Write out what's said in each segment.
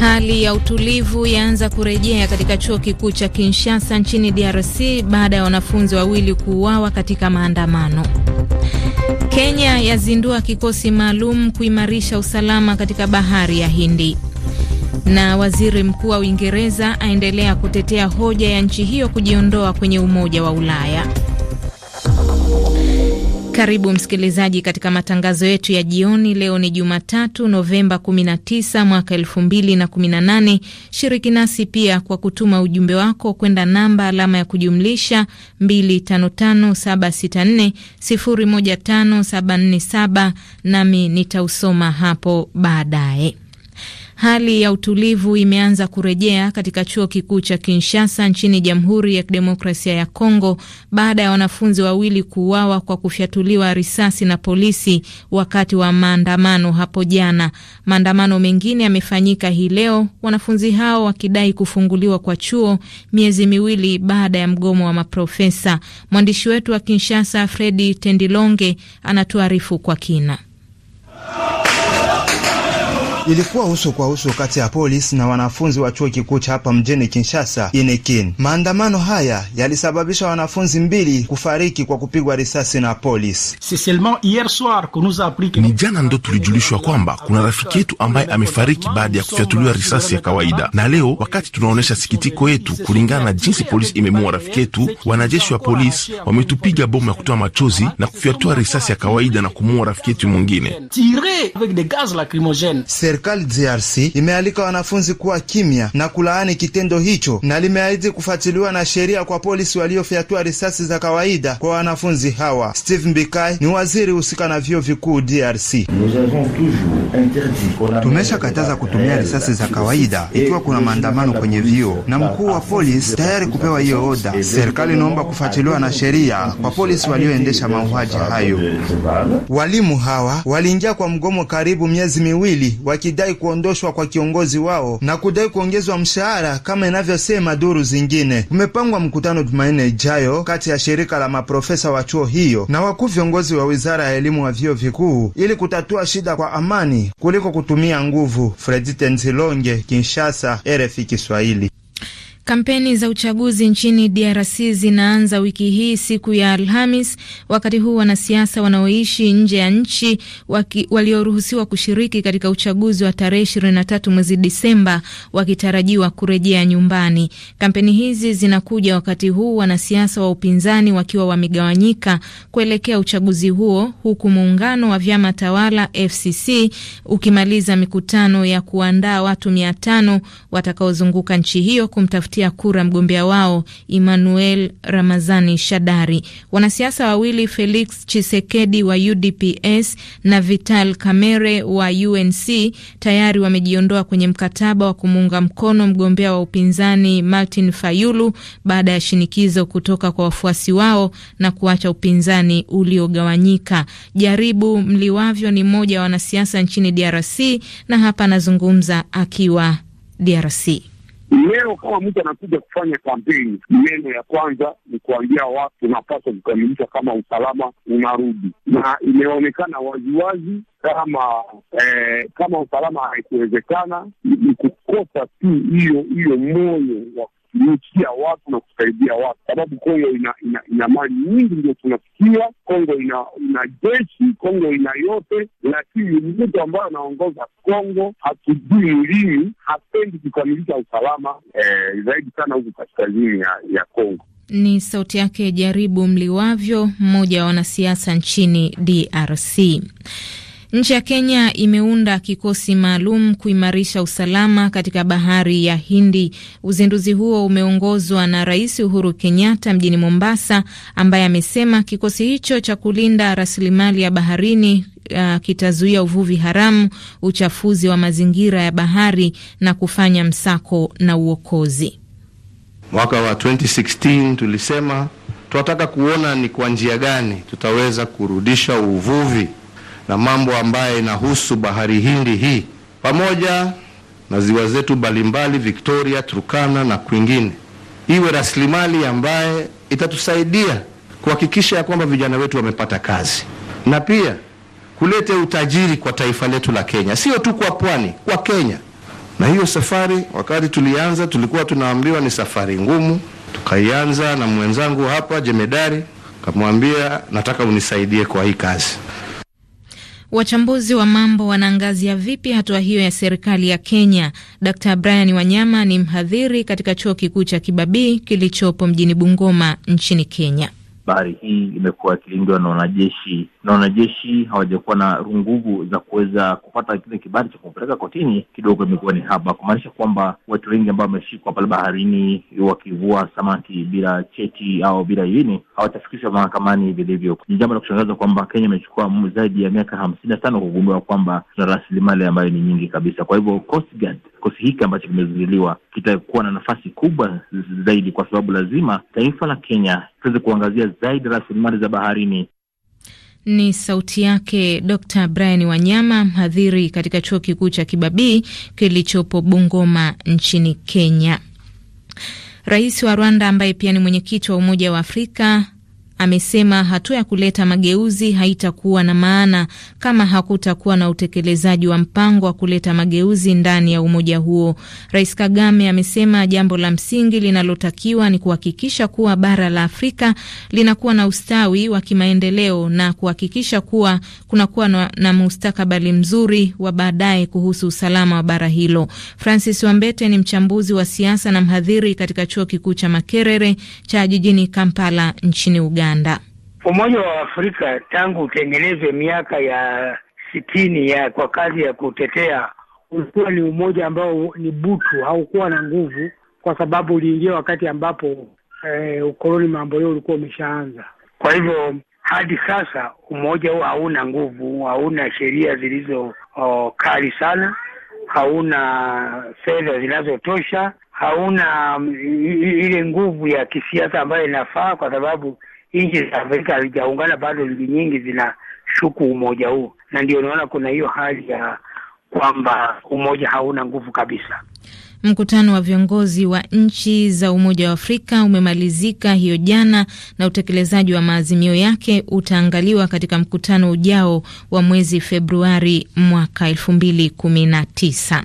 Hali ya utulivu yaanza kurejea katika chuo kikuu cha Kinshasa nchini DRC baada ya wanafunzi wawili kuuawa katika maandamano. Kenya yazindua kikosi maalum kuimarisha usalama katika bahari ya Hindi. Na waziri mkuu wa Uingereza aendelea kutetea hoja ya nchi hiyo kujiondoa kwenye Umoja wa Ulaya. Karibu msikilizaji katika matangazo yetu ya jioni. Leo ni Jumatatu, Novemba 19 mwaka 2018. Shiriki nasi pia kwa kutuma ujumbe wako kwenda namba alama ya kujumlisha 255764015747, nami nitausoma hapo baadaye. Hali ya utulivu imeanza kurejea katika chuo kikuu cha Kinshasa nchini Jamhuri ya Kidemokrasia ya Kongo baada ya wanafunzi wawili kuuawa kwa kufyatuliwa risasi na polisi wakati wa maandamano hapo jana. Maandamano mengine yamefanyika hii leo, wanafunzi hao wakidai kufunguliwa kwa chuo miezi miwili baada ya mgomo wa maprofesa. Mwandishi wetu wa Kinshasa Fredi Tendilonge anatuarifu kwa kina. Ilikuwa uso kwa uso kati ya polisi na wanafunzi wa chuo kikuu cha hapa mjini Kinshasa Inekin. Maandamano haya yalisababisha wanafunzi mbili kufariki kwa kupigwa risasi na polisi. Ni jana ndo tulijulishwa kwamba kuna rafiki yetu ambaye amefariki baada ya kufyatuliwa risasi ya kawaida, na leo wakati tunaonyesha sikitiko yetu kulingana na jinsi polisi imemua rafiki yetu, wanajeshi wa polisi wametupiga bomu ya kutoa machozi na kufyatua risasi ya kawaida na kumua rafiki yetu mwingine serikali DRC imealika wanafunzi kuwa kimya na kulaani kitendo hicho na limeahidi kufuatiliwa na sheria kwa polisi waliofyatua risasi za kawaida kwa wanafunzi hawa. Steve Mbikai ni waziri husika na vyuo vikuu DRC. kataza kutumia risasi za kawaida ikiwa kuna maandamano kwenye vyuo, na mkuu wa polisi tayari kupewa hiyo oda. Serikali inaomba kufuatiliwa na sheria kwa polisi walioendesha mauaji hayo. Walimu hawa waliingia kwa mgomo karibu miezi miwili waki wakidai kuondoshwa kwa kiongozi wao na kudai kuongezwa mshahara kama inavyosema duru zingine. Kumepangwa mkutano Jumanne ijayo kati ya shirika la maprofesa wa chuo hiyo na wakuu viongozi wa wizara ya elimu wa vyuo vikuu ili kutatua shida kwa amani kuliko kutumia nguvu. Fredi Tenzilonge, Kinshasa, RFI Kiswahili. Kampeni za uchaguzi nchini DRC zinaanza wiki hii siku ya Alhamis, wakati huu wanasiasa wanaoishi nje ya nchi walioruhusiwa kushiriki katika uchaguzi wa tarehe 23 mwezi Disemba wakitarajiwa kurejea nyumbani. Kampeni hizi zinakuja wakati huu wanasiasa wa upinzani wakiwa wamegawanyika kuelekea uchaguzi huo, huku muungano wa vyama tawala FCC ukimaliza mikutano ya kuandaa watu mia tano watakaozunguka nchi hiyo kumtafuta kumkatia kura mgombea wao Emmanuel Ramazani Shadari. Wanasiasa wawili Felix Chisekedi wa UDPS na Vital Kamerhe wa UNC tayari wamejiondoa kwenye mkataba wa kumuunga mkono mgombea wa upinzani Martin Fayulu baada ya shinikizo kutoka kwa wafuasi wao na kuacha upinzani uliogawanyika. Jaribu Mliwavyo ni mmoja wa wanasiasa nchini DRC na hapa anazungumza akiwa DRC. Leo kama mtu anakuja kufanya kampeni, neno ya kwanza ni kuambia watu unapaswa kukamilisha kama usalama unarudi, na imeonekana waziwazi kama eh, kama usalama haikuwezekana, ni kukosa tu hiyo hiyo moyo wa kutumikia watu na kusaidia watu, sababu Kongo ina ina, ina mali nyingi ndio tunafikia. Kongo ina ina jeshi, Kongo ina yote, lakini mtu ambaye anaongoza Kongo hatujui lini, hapendi kukamilisha usalama eh, zaidi sana huku kaskazini ya, ya Kongo. Ni sauti yake Jaribu Mliwavyo, mmoja wa wanasiasa nchini DRC. Nchi ya Kenya imeunda kikosi maalum kuimarisha usalama katika bahari ya Hindi. Uzinduzi huo umeongozwa na Rais Uhuru Kenyatta mjini Mombasa, ambaye amesema kikosi hicho cha kulinda rasilimali ya baharini Uh, kitazuia uvuvi haramu, uchafuzi wa mazingira ya bahari na kufanya msako na uokozi. Mwaka wa 2016 tulisema tunataka kuona ni kwa njia gani tutaweza kurudisha uvuvi na mambo ambayo inahusu bahari Hindi hii pamoja na ziwa zetu mbalimbali Victoria, Turkana na kwingine, iwe rasilimali ambaye itatusaidia kuhakikisha ya kwamba vijana wetu wamepata kazi na pia kulete utajiri kwa taifa letu la Kenya, sio tu kwa pwani, kwa Kenya. Na hiyo safari, wakati tulianza, tulikuwa tunaambiwa ni safari ngumu. Tukaianza na mwenzangu hapa jemedari, kamwambia nataka unisaidie kwa hii kazi. Wachambuzi wa mambo wanaangazia vipi hatua hiyo ya serikali ya Kenya? Dkt Brian Wanyama ni mhadhiri katika chuo kikuu cha Kibabii kilichopo mjini Bungoma nchini Kenya. Bahari hii imekuwa ikilindwa na wanajeshi na wanajeshi hawajakuwa na runguvu za kuweza kupata kile kibali cha kumpeleka kotini, kidogo imekuwa ni haba, kumaanisha kwamba watu wengi ambao wameshikwa pale baharini wakivua samaki bila cheti au bila idhini hawatafikishwa mahakamani vilivyo. Ni jambo la kushangaza kwamba Kenya imechukua zaidi ya miaka hamsini na tano kugundua kwamba tuna rasilimali ambayo ni nyingi kabisa. Kwa hivyo Coast Guard, kikosi hiki ambacho kimezinduliwa kitakuwa na nafasi kubwa zaidi, kwa sababu lazima taifa la Kenya tuweze kuangazia zaidi rasilimali za baharini. Ni sauti yake Dr Brian Wanyama, mhadhiri katika chuo kikuu cha Kibabii kilichopo Bungoma nchini Kenya. Rais wa Rwanda ambaye pia ni mwenyekiti wa Umoja wa Afrika amesema hatua ya kuleta mageuzi haitakuwa na maana kama hakutakuwa na utekelezaji wa mpango wa kuleta mageuzi ndani ya umoja huo. Rais Kagame amesema jambo la msingi linalotakiwa ni kuhakikisha kuwa bara la Afrika linakuwa na ustawi wa kimaendeleo na kuhakikisha kuwa kunakuwa na, na mustakabali mzuri wa baadaye kuhusu usalama wa bara hilo. Francis Wambete ni mchambuzi wa siasa na mhadhiri katika chuo kikuu cha Makerere cha jijini Kampala nchini Uganda. Uganda. Umoja wa Afrika tangu utengenezwe miaka ya sitini ya kwa kazi ya kutetea ulikuwa ni umoja ambao ni butu, haukuwa na nguvu, kwa sababu uliingia wakati ambapo eh, ukoloni mambo leo ulikuwa umeshaanza. Kwa hivyo hadi sasa umoja huo hauna nguvu, hauna sheria zilizo oh, kali sana, hauna fedha zinazotosha, hauna mm, ile nguvu ya kisiasa ambayo inafaa, kwa sababu nchi za Afrika hazijaungana bado, nchi nyingi zina shuku umoja huu, na ndio unaona kuna hiyo hali ya kwamba umoja hauna nguvu kabisa. Mkutano wa viongozi wa nchi za Umoja wa Afrika umemalizika hiyo jana na utekelezaji wa maazimio yake utaangaliwa katika mkutano ujao wa mwezi Februari mwaka elfu mbili kumi na tisa.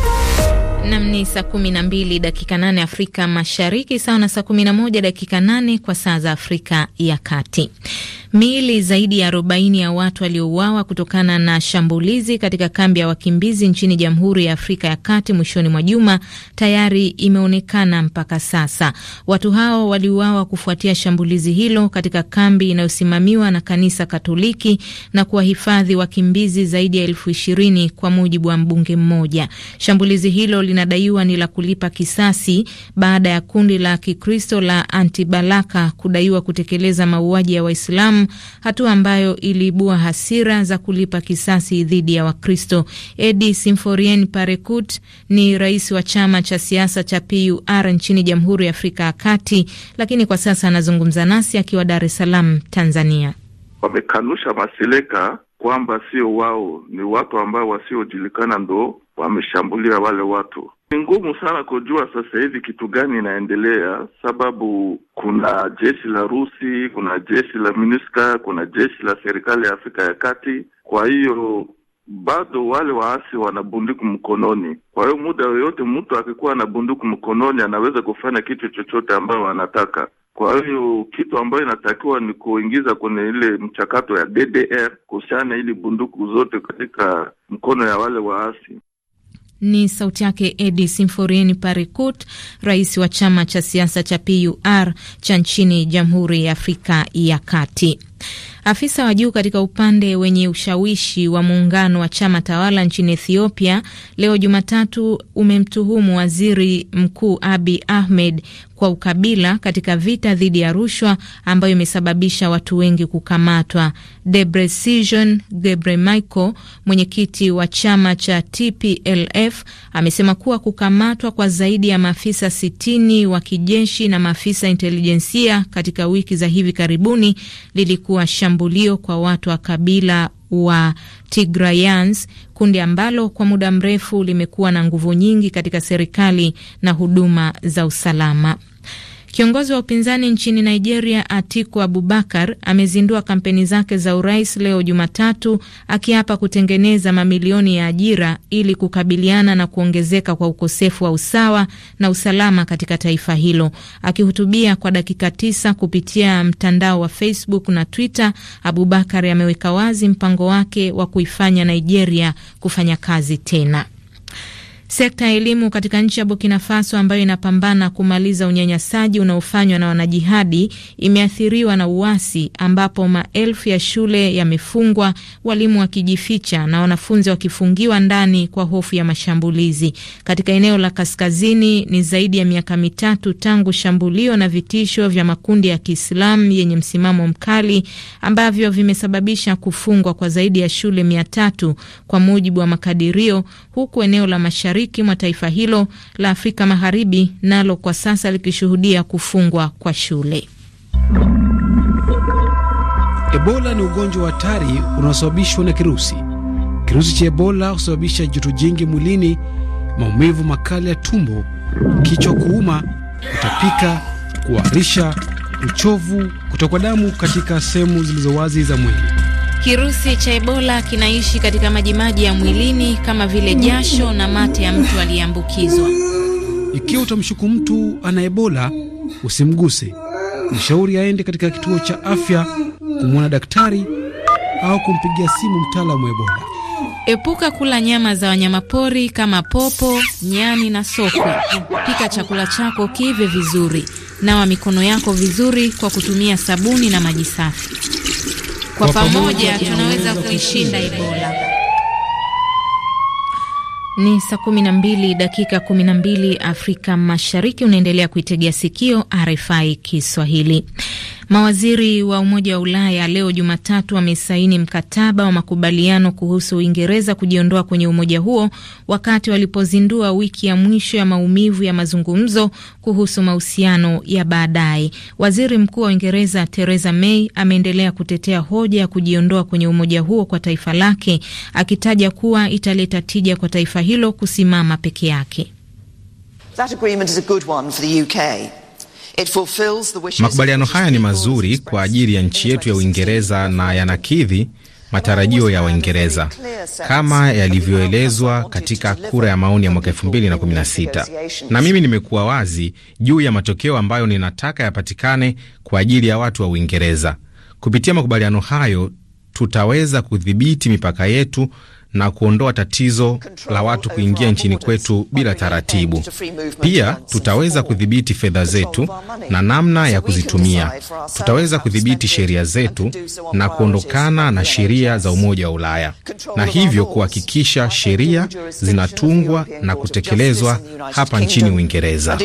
Nam ni saa kumi na mbili dakika nane Afrika Mashariki, sawa na saa kumi na moja dakika nane kwa saa za Afrika ya Kati. Miili zaidi ya arobaini ya watu waliouawa kutokana na shambulizi katika kambi ya wakimbizi nchini Jamhuri ya Afrika ya Kati mwishoni mwa juma tayari imeonekana mpaka sasa. Watu hao waliuawa kufuatia shambulizi hilo katika kambi inayosimamiwa na kanisa Katoliki na kuwahifadhi wakimbizi zaidi ya elfu ishirini kwa mujibu wa mbunge mmoja. Shambulizi hilo linadaiwa ni la kulipa kisasi baada ya kundi la Kikristo la Antibalaka kudaiwa kutekeleza mauaji ya Waislamu, hatua ambayo iliibua hasira za kulipa kisasi dhidi ya Wakristo. Edi Simforien Parekut ni rais wa chama cha siasa cha PUR nchini Jamhuri ya Afrika ya Kati, lakini kwa sasa anazungumza nasi akiwa Dar es Salaam, Tanzania. Wamekanusha Maseleka kwamba sio wao, ni watu ambao wasiojulikana ndo wameshambulia wale watu. Ni ngumu sana kujua sasa hivi kitu gani inaendelea, sababu kuna jeshi la Rusi, kuna jeshi la MINUSCA, kuna jeshi la serikali ya Afrika ya Kati. Kwa hiyo bado wale waasi wana bunduki mkononi. Kwa hiyo muda yoyote mtu akikuwa na bunduki mkononi anaweza kufanya kitu chochote ambayo anataka. Kwa hiyo kitu ambayo inatakiwa ni kuingiza kwenye ile mchakato ya DDR kuhusiana ili bunduku zote katika mkono ya wale waasi. Ni sauti yake Edi Simforien Parekut, rais wa chama cha siasa cha PUR cha nchini Jamhuri ya Afrika ya Kati. Afisa wa juu katika upande wenye ushawishi wa muungano wa chama tawala nchini Ethiopia leo Jumatatu umemtuhumu waziri mkuu Abi Ahmed kwa ukabila katika vita dhidi ya rushwa ambayo imesababisha watu wengi kukamatwa. Gebre Michael, mwenyekiti wa chama cha TPLF, amesema kuwa kukamatwa kwa zaidi ya maafisa sitini wa kijeshi na maafisa intelijensia katika wiki za hivi karibuni liliku kuwa shambulio kwa watu wa kabila wa Tigrayans, kundi ambalo kwa muda mrefu limekuwa na nguvu nyingi katika serikali na huduma za usalama. Kiongozi wa upinzani nchini Nigeria, Atiku Abubakar, amezindua kampeni zake za urais leo Jumatatu, akiapa kutengeneza mamilioni ya ajira ili kukabiliana na kuongezeka kwa ukosefu wa usawa na usalama katika taifa hilo. Akihutubia kwa dakika tisa kupitia mtandao wa Facebook na Twitter, Abubakar ameweka wazi mpango wake wa kuifanya Nigeria kufanya kazi tena. Sekta ya elimu katika nchi ya Burkina Faso ambayo inapambana kumaliza unyanyasaji unaofanywa na wanajihadi imeathiriwa na uasi, ambapo maelfu ya shule yamefungwa, walimu wakijificha na wanafunzi wakifungiwa ndani kwa hofu ya mashambulizi. Katika eneo la kaskazini, ni zaidi ya miaka mitatu tangu shambulio na vitisho vya makundi ya Kiislamu yenye msimamo mkali ambavyo vimesababisha kufungwa kwa zaidi ya shule mia tatu kwa mujibu wa makadirio, huku eneo la mashariki mashariki mwa taifa hilo la Afrika Magharibi nalo kwa sasa likishuhudia kufungwa kwa shule. Ebola ni ugonjwa wa hatari unaosababishwa na kirusi. Kirusi cha Ebola husababisha joto jingi mwilini, maumivu makali ya tumbo, kichwa kuuma, kutapika, kuharisha, uchovu, kutokwa damu katika sehemu zilizo wazi za mwili. Kirusi cha Ebola kinaishi katika majimaji ya mwilini kama vile jasho na mate ya mtu aliyeambukizwa. Ikiwa utamshuku mtu ana Ebola, usimguse. Mshauri aende katika kituo cha afya kumwona daktari au kumpigia simu mtaalamu wa Ebola. Epuka kula nyama za wanyamapori kama popo, nyani na sokwe. Pika chakula chako kive vizuri. Nawa mikono yako vizuri kwa kutumia sabuni na maji safi. Kwa pamoja tunaweza kuishinda Ebola. Ni saa 12 dakika 12 Afrika Mashariki. Unaendelea kuitegea sikio RFI Kiswahili. Mawaziri wa Umoja wa Ulaya leo Jumatatu wamesaini mkataba wa makubaliano kuhusu Uingereza kujiondoa kwenye umoja huo wakati walipozindua wiki ya mwisho ya maumivu ya mazungumzo kuhusu mahusiano ya baadaye. Waziri Mkuu wa Uingereza Theresa May ameendelea kutetea hoja ya kujiondoa kwenye umoja huo kwa taifa lake, akitaja kuwa italeta tija kwa taifa hilo kusimama peke yake. That agreement is a good one for the UK. Makubaliano haya ni mazuri kwa ajili ya nchi yetu ya Uingereza na yanakidhi matarajio ya Waingereza kama yalivyoelezwa katika kura ya maoni ya mwaka elfu mbili na kumi na sita. Na mimi nimekuwa wazi juu ya matokeo ambayo ninataka yapatikane kwa ajili ya watu wa Uingereza. Kupitia makubaliano hayo tutaweza kudhibiti mipaka yetu na kuondoa tatizo la watu kuingia nchini kwetu bila taratibu. Pia tutaweza kudhibiti fedha zetu na namna ya kuzitumia. Tutaweza kudhibiti sheria zetu na kuondokana na sheria za Umoja wa Ulaya, na hivyo kuhakikisha sheria zinatungwa na kutekelezwa hapa nchini Uingereza.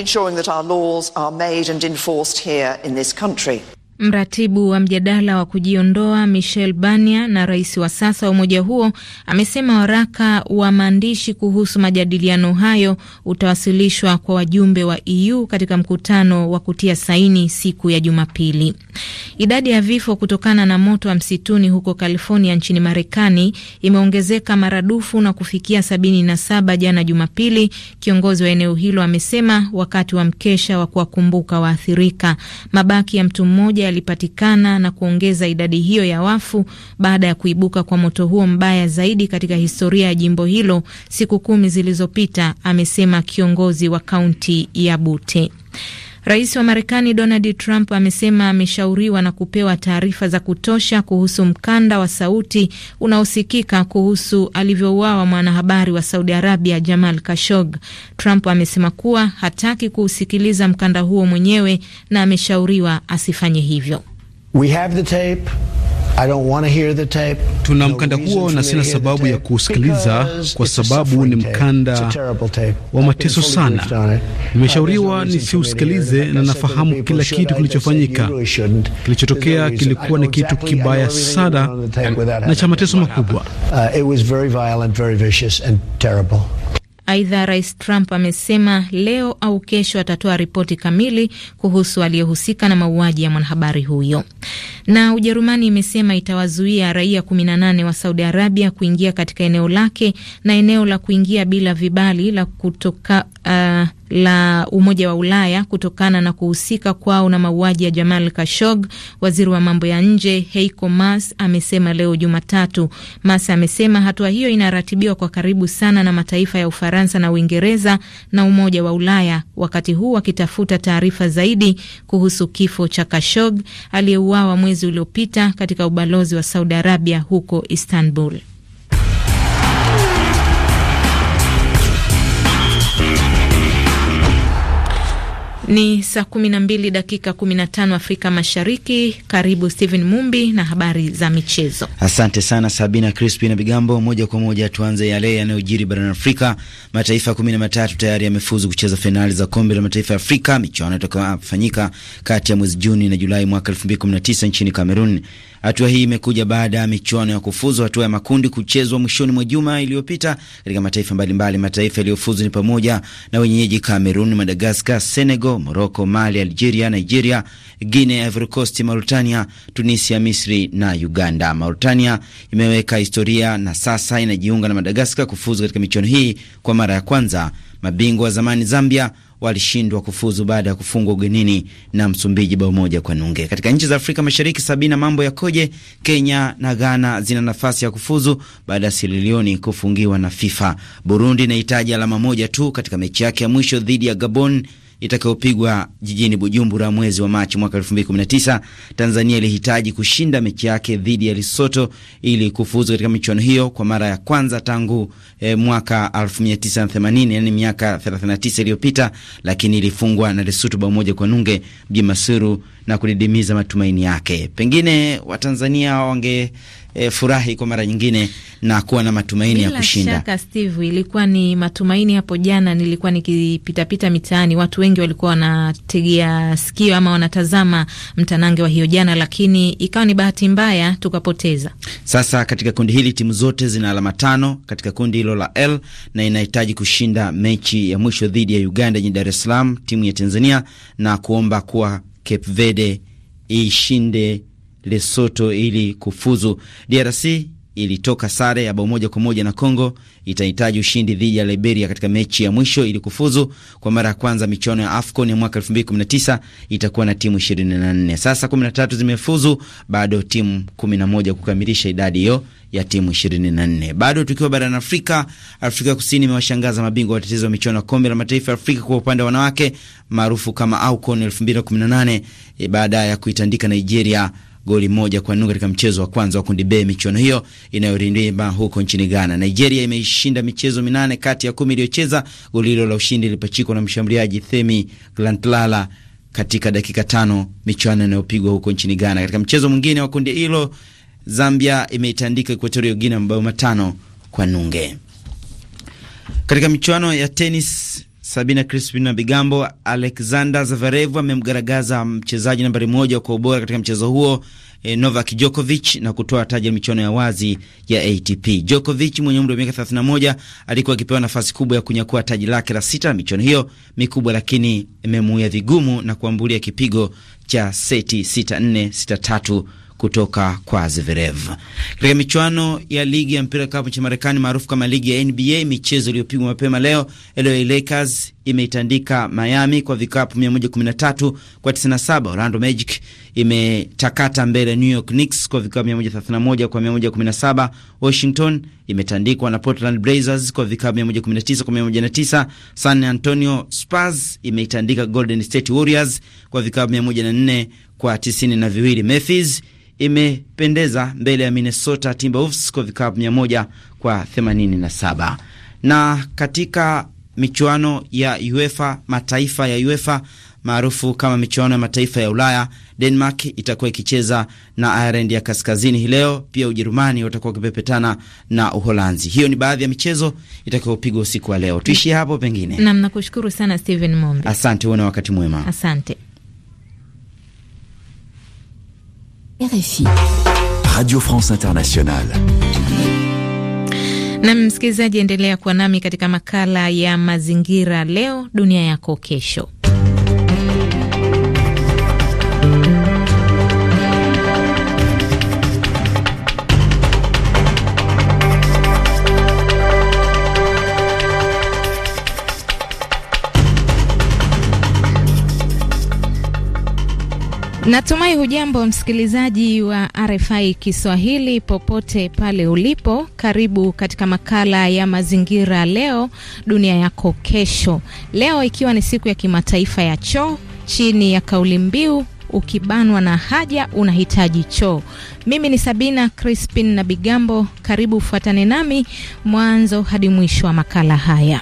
Mratibu wa mjadala wa kujiondoa Michel bania na rais wa sasa wa umoja huo amesema waraka wa maandishi kuhusu majadiliano hayo utawasilishwa kwa wajumbe wa EU katika mkutano wa kutia saini siku ya Jumapili. Idadi ya vifo kutokana na moto wa msituni huko California nchini Marekani imeongezeka maradufu na kufikia 77 jana Jumapili, kiongozi wa eneo hilo amesema wakati wa mkesha wa kuwakumbuka waathirika. Mabaki ya mtu mmoja yalipatikana na kuongeza idadi hiyo ya wafu baada ya kuibuka kwa moto huo mbaya zaidi katika historia ya jimbo hilo siku kumi zilizopita, amesema kiongozi wa kaunti ya Bute. Rais wa Marekani Donald Trump amesema ameshauriwa na kupewa taarifa za kutosha kuhusu mkanda wa sauti unaosikika kuhusu alivyouawa mwanahabari wa Saudi Arabia Jamal kashog Trump amesema kuwa hataki kuusikiliza mkanda huo mwenyewe na ameshauriwa asifanye hivyo. We have the tape. Tuna mkanda huo na sina sababu ya kuusikiliza kwa sababu ni mkanda wa mateso sana. Nimeshauriwa nisiusikilize na nafahamu kila kitu kilichofanyika. Kilichotokea kilikuwa ni kitu kibaya sana na cha mateso makubwa. Uh, Aidha, Rais Trump amesema leo au kesho atatoa ripoti kamili kuhusu aliyehusika na mauaji ya mwanahabari huyo. Na Ujerumani imesema itawazuia raia 18 wa Saudi Arabia kuingia katika eneo lake na eneo la kuingia bila vibali la kutoka uh, la Umoja wa Ulaya kutokana na kuhusika kwao na mauaji ya Jamal kashog Waziri wa mambo ya nje Heiko Maas amesema leo Jumatatu. Maas amesema hatua hiyo inaratibiwa kwa karibu sana na mataifa ya Ufaransa na Uingereza na Umoja wa Ulaya, wakati huu wakitafuta taarifa zaidi kuhusu kifo cha kashog aliyeuawa mwezi uliopita katika ubalozi wa Saudi Arabia huko Istanbul. Ni saa 12 dakika 15 Afrika Mashariki. Karibu stephen Mumbi na habari za michezo. Asante sana Sabina Crispi na Bigambo. Moja kwa moja tuanze yale yanayojiri barani Afrika. Mataifa kumi na matatu tayari yamefuzu kucheza fainali za kombe la mataifa ya Afrika, michuano itakayofanyika kati ya mwezi Juni na Julai mwaka 219 nchini Kamerun. Hatua hii imekuja baada ya michuano ya kufuzu hatua ya makundi kuchezwa mwishoni mwa juma iliyopita katika mataifa mbalimbali. Mataifa yaliyofuzu ni pamoja na wenyeji Cameroon, Madagascar, Senegal, Morocco, Mali, Algeria, Nigeria, Guinea, Ivory Coast, Mauritania, Tunisia, Misri na Uganda. Mauritania imeweka historia na sasa inajiunga na Madagascar kufuzu katika michuano hii kwa mara ya kwanza. Mabingwa wa zamani Zambia walishindwa kufuzu baada ya kufungwa ugenini na Msumbiji bao moja kwa nunge. Katika nchi za Afrika Mashariki Sabina, mambo yakoje? Kenya na Ghana zina nafasi ya kufuzu baada ya Sierra kufungiwa na FIFA. Burundi inahitaji alama moja tu katika mechi yake ya mwisho dhidi ya Gabon itakayopigwa jijini Bujumbura mwezi wa Machi mwaka 2019. Tanzania ilihitaji kushinda mechi yake dhidi ya Lesotho ili kufuzu katika michuano hiyo kwa mara ya kwanza tangu e, mwaka 1980 yani miaka 39 iliyopita, lakini ilifungwa na Lesotho bao moja kwa nunge mjini Masuru na kudidimiza matumaini yake. Pengine Watanzania wange E, furahi kwa mara nyingine na kuwa na matumaini bila ya kushinda. Shaka Steve, ilikuwa ni matumaini. Hapo jana nilikuwa nikipitapita mitaani, watu wengi walikuwa wanategea sikio ama wanatazama mtanange wa hiyo jana, lakini ikawa ni bahati mbaya tukapoteza. Sasa katika kundi hili timu zote zina alama tano katika kundi hilo la L na inahitaji kushinda mechi ya mwisho dhidi ya Uganda jijini Dar es Salaam, timu ya Tanzania na kuomba kuwa Cape Verde ishinde Lesotho ili kufuzu. DRC ilitoka sare ya bao moja kwa moja na Congo, itahitaji ushindi dhidi ya Liberia katika mechi ya mwisho ili kufuzu. Kwa mara ya kwanza michuano ya AFCON ya mwaka 2019 itakuwa na timu 24. Sasa 13 zimefuzu, bado timu 11 kukamilisha idadi hiyo ya timu 24. Bado tukiwa barani Afrika, Afrika Kusini imewashangaza mabingwa watetezi wa michuano ya kombe la mataifa ya Afrika kwa upande wa wanawake maarufu kama AUCON 2018 e, baada ya kuitandika Nigeria goli moja kwa nunge katika mchezo wa kwanza wa kundi B michuano hiyo inayorindima huko nchini Ghana. Nigeria imeishinda michezo minane kati ya kumi iliyocheza. Goli hilo la ushindi lilipachikwa na mshambuliaji Themi Glantlala katika dakika tano michuano inayopigwa huko nchini Ghana. Katika mchezo mwingine wa kundi hilo Zambia imeitandika Equatorio Guinea mabao matano kwa nunge. Katika michuano ya tenis, Sabina Crispin na Bigambo, Alexander Zverev amemgaragaza mchezaji nambari moja kwa ubora katika mchezo huo e, Novak Djokovic na kutoa taji la michuano ya wazi ya ATP. Djokovic mwenye umri wa miaka 31 alikuwa akipewa nafasi kubwa ya kunyakua taji lake la sita la michuano hiyo mikubwa, lakini imemuia vigumu na kuambulia kipigo cha seti 6-4 6-3 kutoka kwa Zverev. Katika michuano ya ligi ya mpira kapu cha Marekani maarufu kama ligi ya NBA, michezo iliyopigwa mapema leo, LA Lakers imeitandika Miami kwa vikapu 113 kwa 97. Orlando Magic imetakata mbele New York Knicks kwa vikapu 131 kwa 117. Washington imetandikwa na Portland Blazers kwa vikapu 119 kwa 109. San Antonio Spurs imeitandika Golden State Warriors kwa vikapu 104 kwa 92. Memphis imependeza mbele ya Minnesota Timberwolves kwa vikapu 100 kwa 87. Na katika michuano ya UEFA mataifa ya UEFA maarufu kama michuano ya mataifa ya Ulaya, Denmark itakuwa ikicheza na Ireland ya kaskazini hii leo. Pia Ujerumani watakuwa wakipepetana na Uholanzi. Hiyo ni baadhi ya michezo itakayopigwa usiku wa leo. Tuishie hapo pengine. Nam, nakushukuru sana Steven asante. Uwe na wakati mwema, asante. RFI. Radio France Internationale. Nam msikilizaji, endelea kuwa nami katika makala ya mazingira leo dunia yako kesho. Natumai hujambo msikilizaji wa RFI Kiswahili popote pale ulipo. Karibu katika makala ya mazingira leo dunia yako kesho. Leo ikiwa ni siku ya kimataifa ya choo chini ya kauli mbiu ukibanwa na haja unahitaji choo. Mimi ni Sabina Crispin na Bigambo, karibu fuatane nami mwanzo hadi mwisho wa makala haya.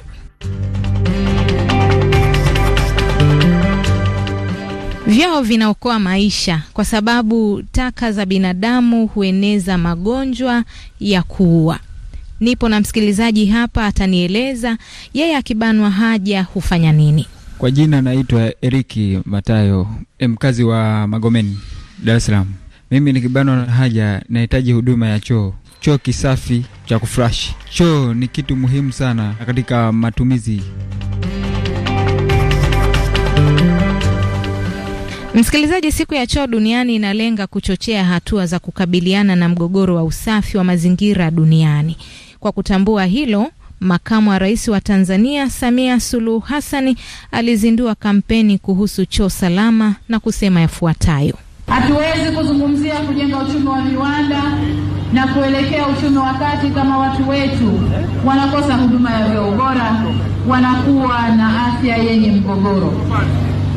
Vyao vinaokoa maisha kwa sababu taka za binadamu hueneza magonjwa ya kuua. Nipo na msikilizaji hapa atanieleza yeye akibanwa haja hufanya nini. Kwa jina naitwa Eriki Matayo, eh, mkazi wa Magomeni, Dar es Salaam. Mimi nikibanwa haja nahitaji huduma ya choo, choo kisafi cha kufurashi. Choo ni kitu muhimu sana katika matumizi Msikilizaji, siku ya choo duniani inalenga kuchochea hatua za kukabiliana na mgogoro wa usafi wa mazingira duniani. Kwa kutambua hilo, makamu wa rais wa Tanzania Samia Suluhu Hassani alizindua kampeni kuhusu choo salama na kusema yafuatayo: hatuwezi kuzungumzia kujenga uchumi wa viwanda na kuelekea uchumi wa kati kama watu wetu wanakosa huduma ya vyoo bora, wanakuwa na afya yenye mgogoro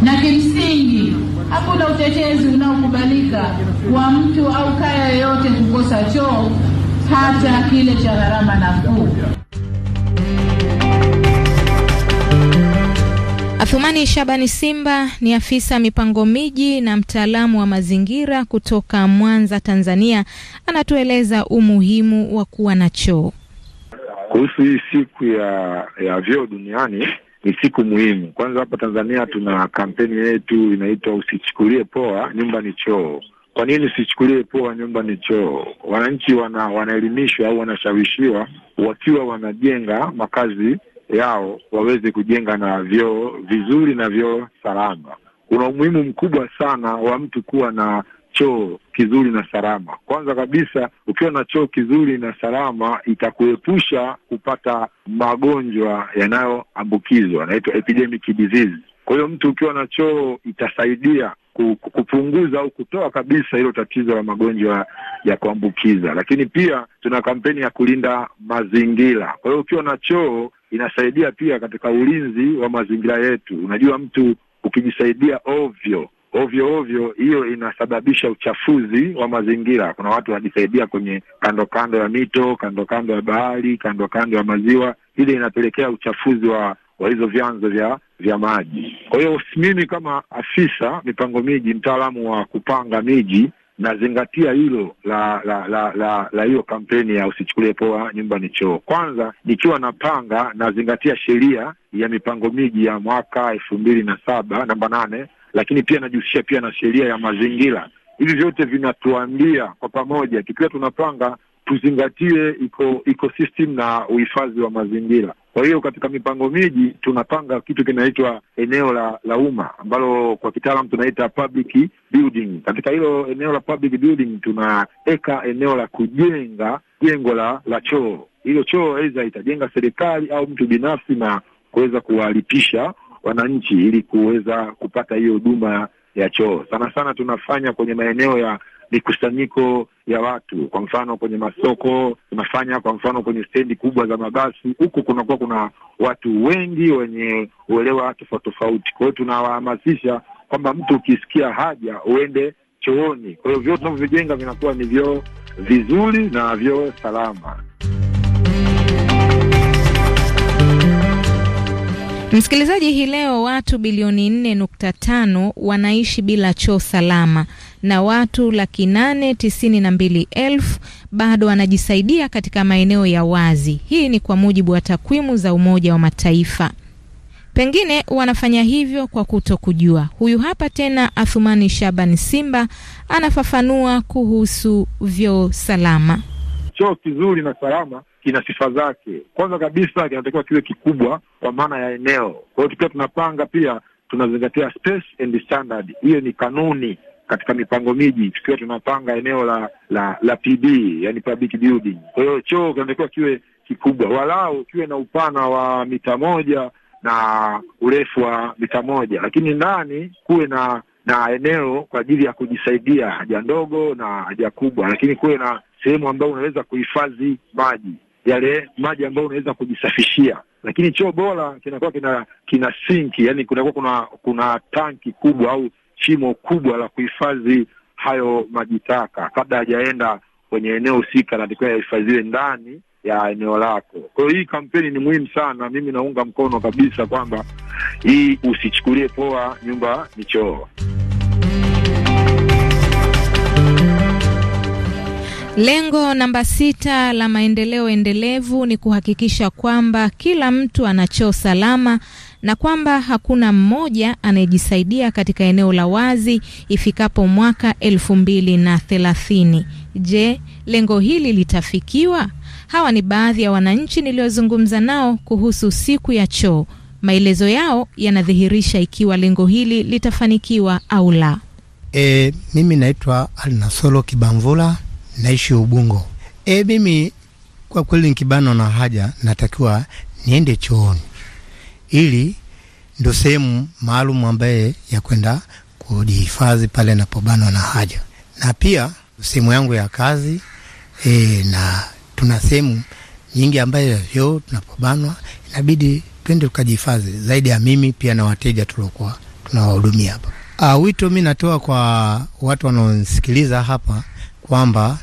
na kimsingi hakuna utetezi unaokubalika wa mtu au kaya yoyote kukosa choo hata kile cha gharama nafuu. Athumani Shabani Simba ni afisa mipango miji na mtaalamu wa mazingira kutoka Mwanza, Tanzania, anatueleza umuhimu wa kuwa na choo. Kuhusu hii siku ya, ya vyoo duniani ni siku muhimu. Kwanza hapa Tanzania tuna kampeni yetu inaitwa usichukulie poa, nyumba ni choo. Kwa nini usichukulie poa, nyumba ni choo? Wananchi wana wanaelimishwa au wanashawishiwa wakiwa wanajenga makazi yao waweze kujenga na vyoo vizuri na vyoo salama. Kuna umuhimu mkubwa sana wa mtu kuwa na choo kizuri na salama. Kwanza kabisa, ukiwa na choo kizuri na salama itakuepusha kupata magonjwa yanayoambukizwa, yanaitwa epidemic disease. Kwa hiyo mtu ukiwa na choo itasaidia kupunguza au kutoa kabisa hilo tatizo la magonjwa ya kuambukiza. Lakini pia tuna kampeni ya kulinda mazingira. Kwa hiyo ukiwa na choo inasaidia pia katika ulinzi wa mazingira yetu. Unajua, mtu ukijisaidia ovyo ovyo ovyo, hiyo inasababisha uchafuzi wa mazingira. Kuna watu wanajisaidia kwenye kando kando ya mito, kando kando ya bahari, kando kando ya maziwa, ile inapelekea uchafuzi wa wa hizo vyanzo vya vya maji. Kwa hiyo mimi kama afisa mipango miji, mtaalamu wa kupanga miji, nazingatia hilo la la la la la hiyo kampeni ya usichukulie poa, nyumba ni choo. Kwanza nikiwa napanga, nazingatia sheria ya mipango miji ya mwaka elfu mbili na saba namba nane lakini pia anajihusisha pia na sheria ya mazingira. Hivi vyote vinatuambia kwa pamoja, tukiwa tunapanga tuzingatie iko ecosystem na uhifadhi wa mazingira. Kwa hiyo katika mipango miji tunapanga kitu kinaitwa eneo la, la umma ambalo kwa kitaalam tunaita public building. Katika hilo eneo la public building tunaweka eneo la kujenga jengo la, la choo. Hilo choo aidha itajenga serikali au mtu binafsi na kuweza kuwalipisha wananchi ili kuweza kupata hiyo huduma ya choo. Sana sana tunafanya kwenye maeneo ya mikusanyiko ya watu, kwa mfano kwenye masoko tunafanya, kwa mfano kwenye stendi kubwa za mabasi. Huku kunakuwa kuna watu wengi wenye uelewa tofauti tofauti, kwa hiyo tunawahamasisha kwamba mtu ukisikia haja uende chooni. Kwa hiyo vyoo tunavyovijenga vinakuwa ni vyoo vizuri na vyoo salama. Msikilizaji, hii leo watu bilioni 4.5 wanaishi bila choo salama na watu laki nane tisini na mbili elfu bado wanajisaidia katika maeneo ya wazi. Hii ni kwa mujibu wa takwimu za Umoja wa Mataifa. Pengine wanafanya hivyo kwa kuto kujua. Huyu hapa tena Athumani Shaban Simba anafafanua kuhusu vyoo salama. Choo kizuri na salama kina sifa zake. Kwanza kabisa kinatakiwa kiwe kikubwa kwa maana ya eneo. Kwa hiyo tukiwa tunapanga pia tunazingatia space and standard. Hiyo ni kanuni katika mipango miji, tukiwa tunapanga eneo la la la PB, yani public building. Kwa hiyo choo kinatakiwa kiwe kikubwa, walau kiwe na upana wa mita moja na urefu wa mita moja, lakini ndani kuwe na na eneo kwa ajili ya kujisaidia haja ndogo na haja kubwa, lakini kuwe na sehemu ambayo unaweza kuhifadhi maji yale maji ambayo unaweza kujisafishia, lakini choo bora kinakuwa kina kina sinki, yani kunakuwa kuna kuna tanki kubwa au shimo kubwa la kuhifadhi hayo maji taka kabla hajaenda kwenye eneo husika, natakiwa yahifadhiwe ndani ya eneo lako. Kwa hiyo hii kampeni ni muhimu sana, mimi naunga mkono kabisa kwamba hii usichukulie poa, nyumba ni choo. Lengo namba sita la maendeleo endelevu ni kuhakikisha kwamba kila mtu ana choo salama na kwamba hakuna mmoja anayejisaidia katika eneo la wazi ifikapo mwaka elfu mbili na thelathini. Je, lengo hili litafikiwa? Hawa ni baadhi ya wananchi niliozungumza nao kuhusu siku ya choo. Maelezo yao yanadhihirisha ikiwa lengo hili litafanikiwa au la. E, mimi naitwa Alnasolo Kibamvula naishi Ubungo. E, mimi kwa kweli nikibano na haja natakiwa niende chooni, ili ndo sehemu maalum ambaye ya kwenda kujihifadhi pale napobanwa na haja, na pia sehemu yangu ya kazi e, na tuna sehemu nyingi ambayo yo tunapobanwa inabidi twende tukajihifadhi, zaidi ya mimi pia na wateja tuliokuwa tunawahudumia hapa. Wito mi natoa kwa watu wanaonisikiliza hapa kwamba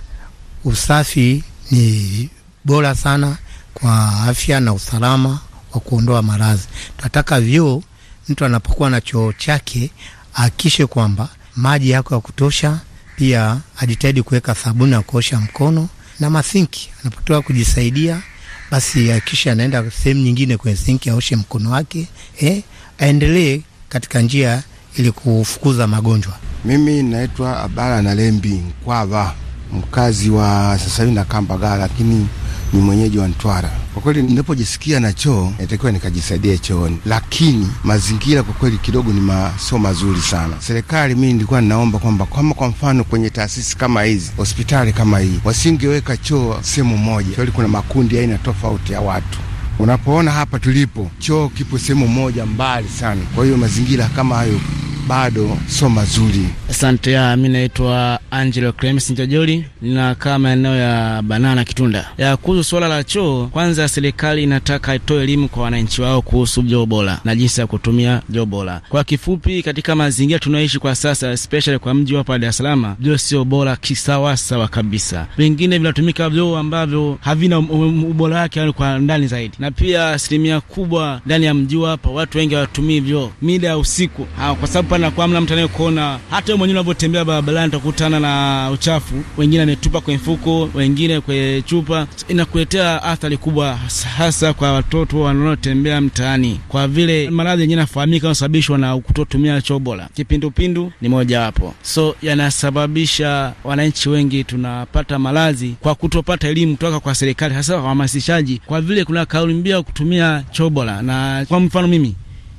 usafi ni bora sana kwa afya na usalama wa kuondoa maradhi. Tunataka vyoo, mtu anapokuwa na choo chake ahakikishe kwamba maji yako ya kutosha, pia ajitahidi kuweka sabuni ya kuosha mkono na masinki. Anapotoka kujisaidia, basi akisha anaenda sehemu nyingine kwenye sinki aoshe mkono wake, eh, aendelee katika njia ili kufukuza magonjwa. Mimi naitwa Abala Nalembi Nkwava mkazi wa sasa hivi nakaa lakini ni mwenyeji wa Ntwara. Kwa kweli ninapojisikia na choo natakiwa nikajisaidia chooni, lakini mazingira kwa kweli kidogo ni ma, mazuri sana. Serikali mimi nilikuwa ninaomba kwamba kama kwa mfano kwenye taasisi kama hizi, hospitali kama hii, wasingeweka choo sehemu moja, kweli kuna makundi aina tofauti ya watu Unapoona hapa tulipo, choo kipo sehemu moja mbali sana, kwa hiyo mazingira kama hayo bado sio mazuri. Asante. Mi naitwa Angelo Clemis Njajoli, ninakaa maeneo ya Banana Kitunda. ya kuhusu suala la choo, kwanza serikali inataka itoe elimu kwa wananchi wao kuhusu vyoo bora na jinsi ya kutumia joo bora. Kwa kifupi, katika mazingira tunayoishi kwa sasa, especially kwa mji wapo Dar es Salaam, joo sio bora kisawasawa kabisa, vingine vinatumika vyoo ambavyo havina ubora wake kwa ndani zaidi na pia asilimia kubwa ndani ya mji hapa watu wengi hawatumii vyoo mida ya usiku ha, ah, kwa sababu pana kwa mna mtu anayekuona. Hata wewe mwenyewe unavyotembea barabarani utakutana na uchafu, wengine ametupa kwenye mfuko, wengine kwenye chupa. Inakuletea athari kubwa, hasa kwa watoto wanaotembea mtaani, kwa vile maradhi yenyewe yanafahamika yanasababishwa na kutotumia choo bora. Kipindupindu ni moja wapo, so yanasababisha wananchi wengi tunapata maradhi kwa kutopata elimu kutoka kwa serikali, hasa wahamasishaji, kwa vile kuna kauli kukimbia kutumia chobola, na kwa mfano mimi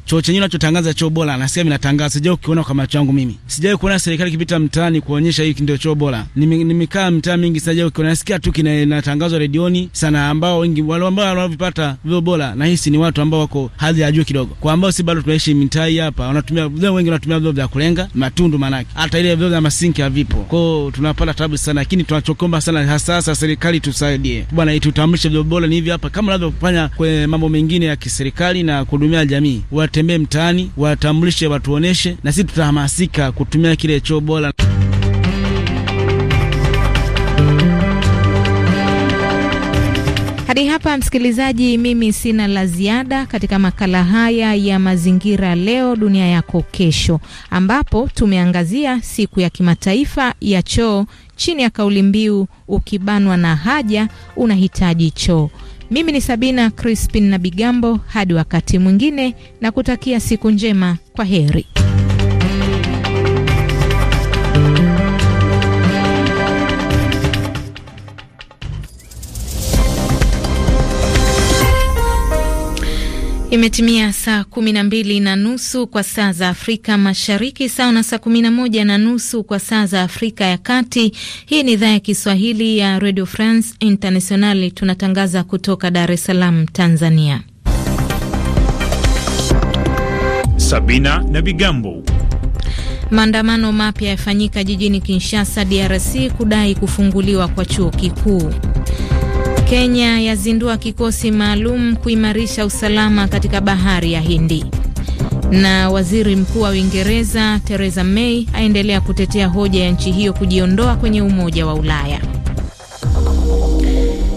chuo chenyewe nachotangaza chuo bora, anasikia mimi natangaza, sijawahi kwa macho yangu mimi, sijawahi kuona serikali ikipita mtaani kuonyesha hiki ndio chuo bora. Nimekaa mtaa mingi, sijawahi kuona, nasikia tu kinatangazwa redioni sana, ambao wengi wale ambao wanavipata vyo bora, na hisi ni watu ambao wako hadhi ya juu kidogo, kwa ambao si bado tunaishi mitai hapa, wanatumia vyo wengi, wanatumia vyo vya kulenga matundu, manake hata ile vyo vya masinki havipo, kwao tunapata tabu sana, lakini tunachokomba sana hasa hasa serikali tusaidie bwana, itutambulishe vyo bora ni hivi hapa, kama unavyofanya kwenye mambo mengine ya kiserikali na kuhudumia jamii Wat watembee mtaani, watambulishe, watuoneshe, na sisi tutahamasika kutumia kile choo bora. Hadi hapa msikilizaji, mimi sina la ziada katika makala haya ya mazingira leo dunia yako kesho, ambapo tumeangazia siku ya kimataifa ya choo chini ya kauli mbiu ukibanwa na haja unahitaji choo. Mimi ni Sabina Crispin na Bigambo, hadi wakati mwingine, na kutakia siku njema. Kwa heri. Imetimia saa kumi na mbili na nusu kwa saa za Afrika Mashariki, sawa na saa kumi na moja na nusu kwa saa za Afrika ya Kati. Hii ni idhaa ya Kiswahili ya Radio France Internationali, tunatangaza kutoka Dar es Salaam, Tanzania. Sabina na vigambo Maandamano mapya yafanyika jijini Kinshasa, DRC, kudai kufunguliwa kwa chuo kikuu. Kenya yazindua kikosi maalum kuimarisha usalama katika bahari ya Hindi. Na waziri mkuu wa Uingereza Theresa May aendelea kutetea hoja ya nchi hiyo kujiondoa kwenye Umoja wa Ulaya.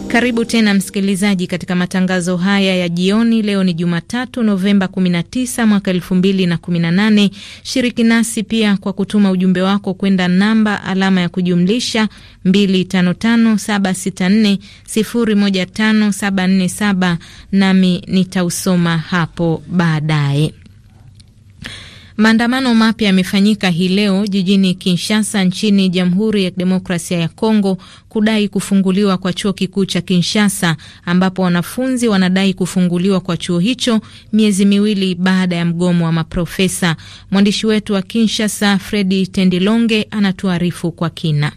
Karibu tena msikilizaji, katika matangazo haya ya jioni. Leo ni Jumatatu, Novemba 19 mwaka 2018. Shiriki nasi pia kwa kutuma ujumbe wako kwenda namba alama ya kujumlisha 255764015747, nami nitausoma hapo baadaye. Maandamano mapya yamefanyika hii leo jijini Kinshasa nchini Jamhuri ya Demokrasia ya Kongo kudai kufunguliwa kwa chuo kikuu cha Kinshasa ambapo wanafunzi wanadai kufunguliwa kwa chuo hicho miezi miwili baada ya mgomo wa maprofesa. Mwandishi wetu wa Kinshasa Fredi Tendilonge anatuarifu kwa kina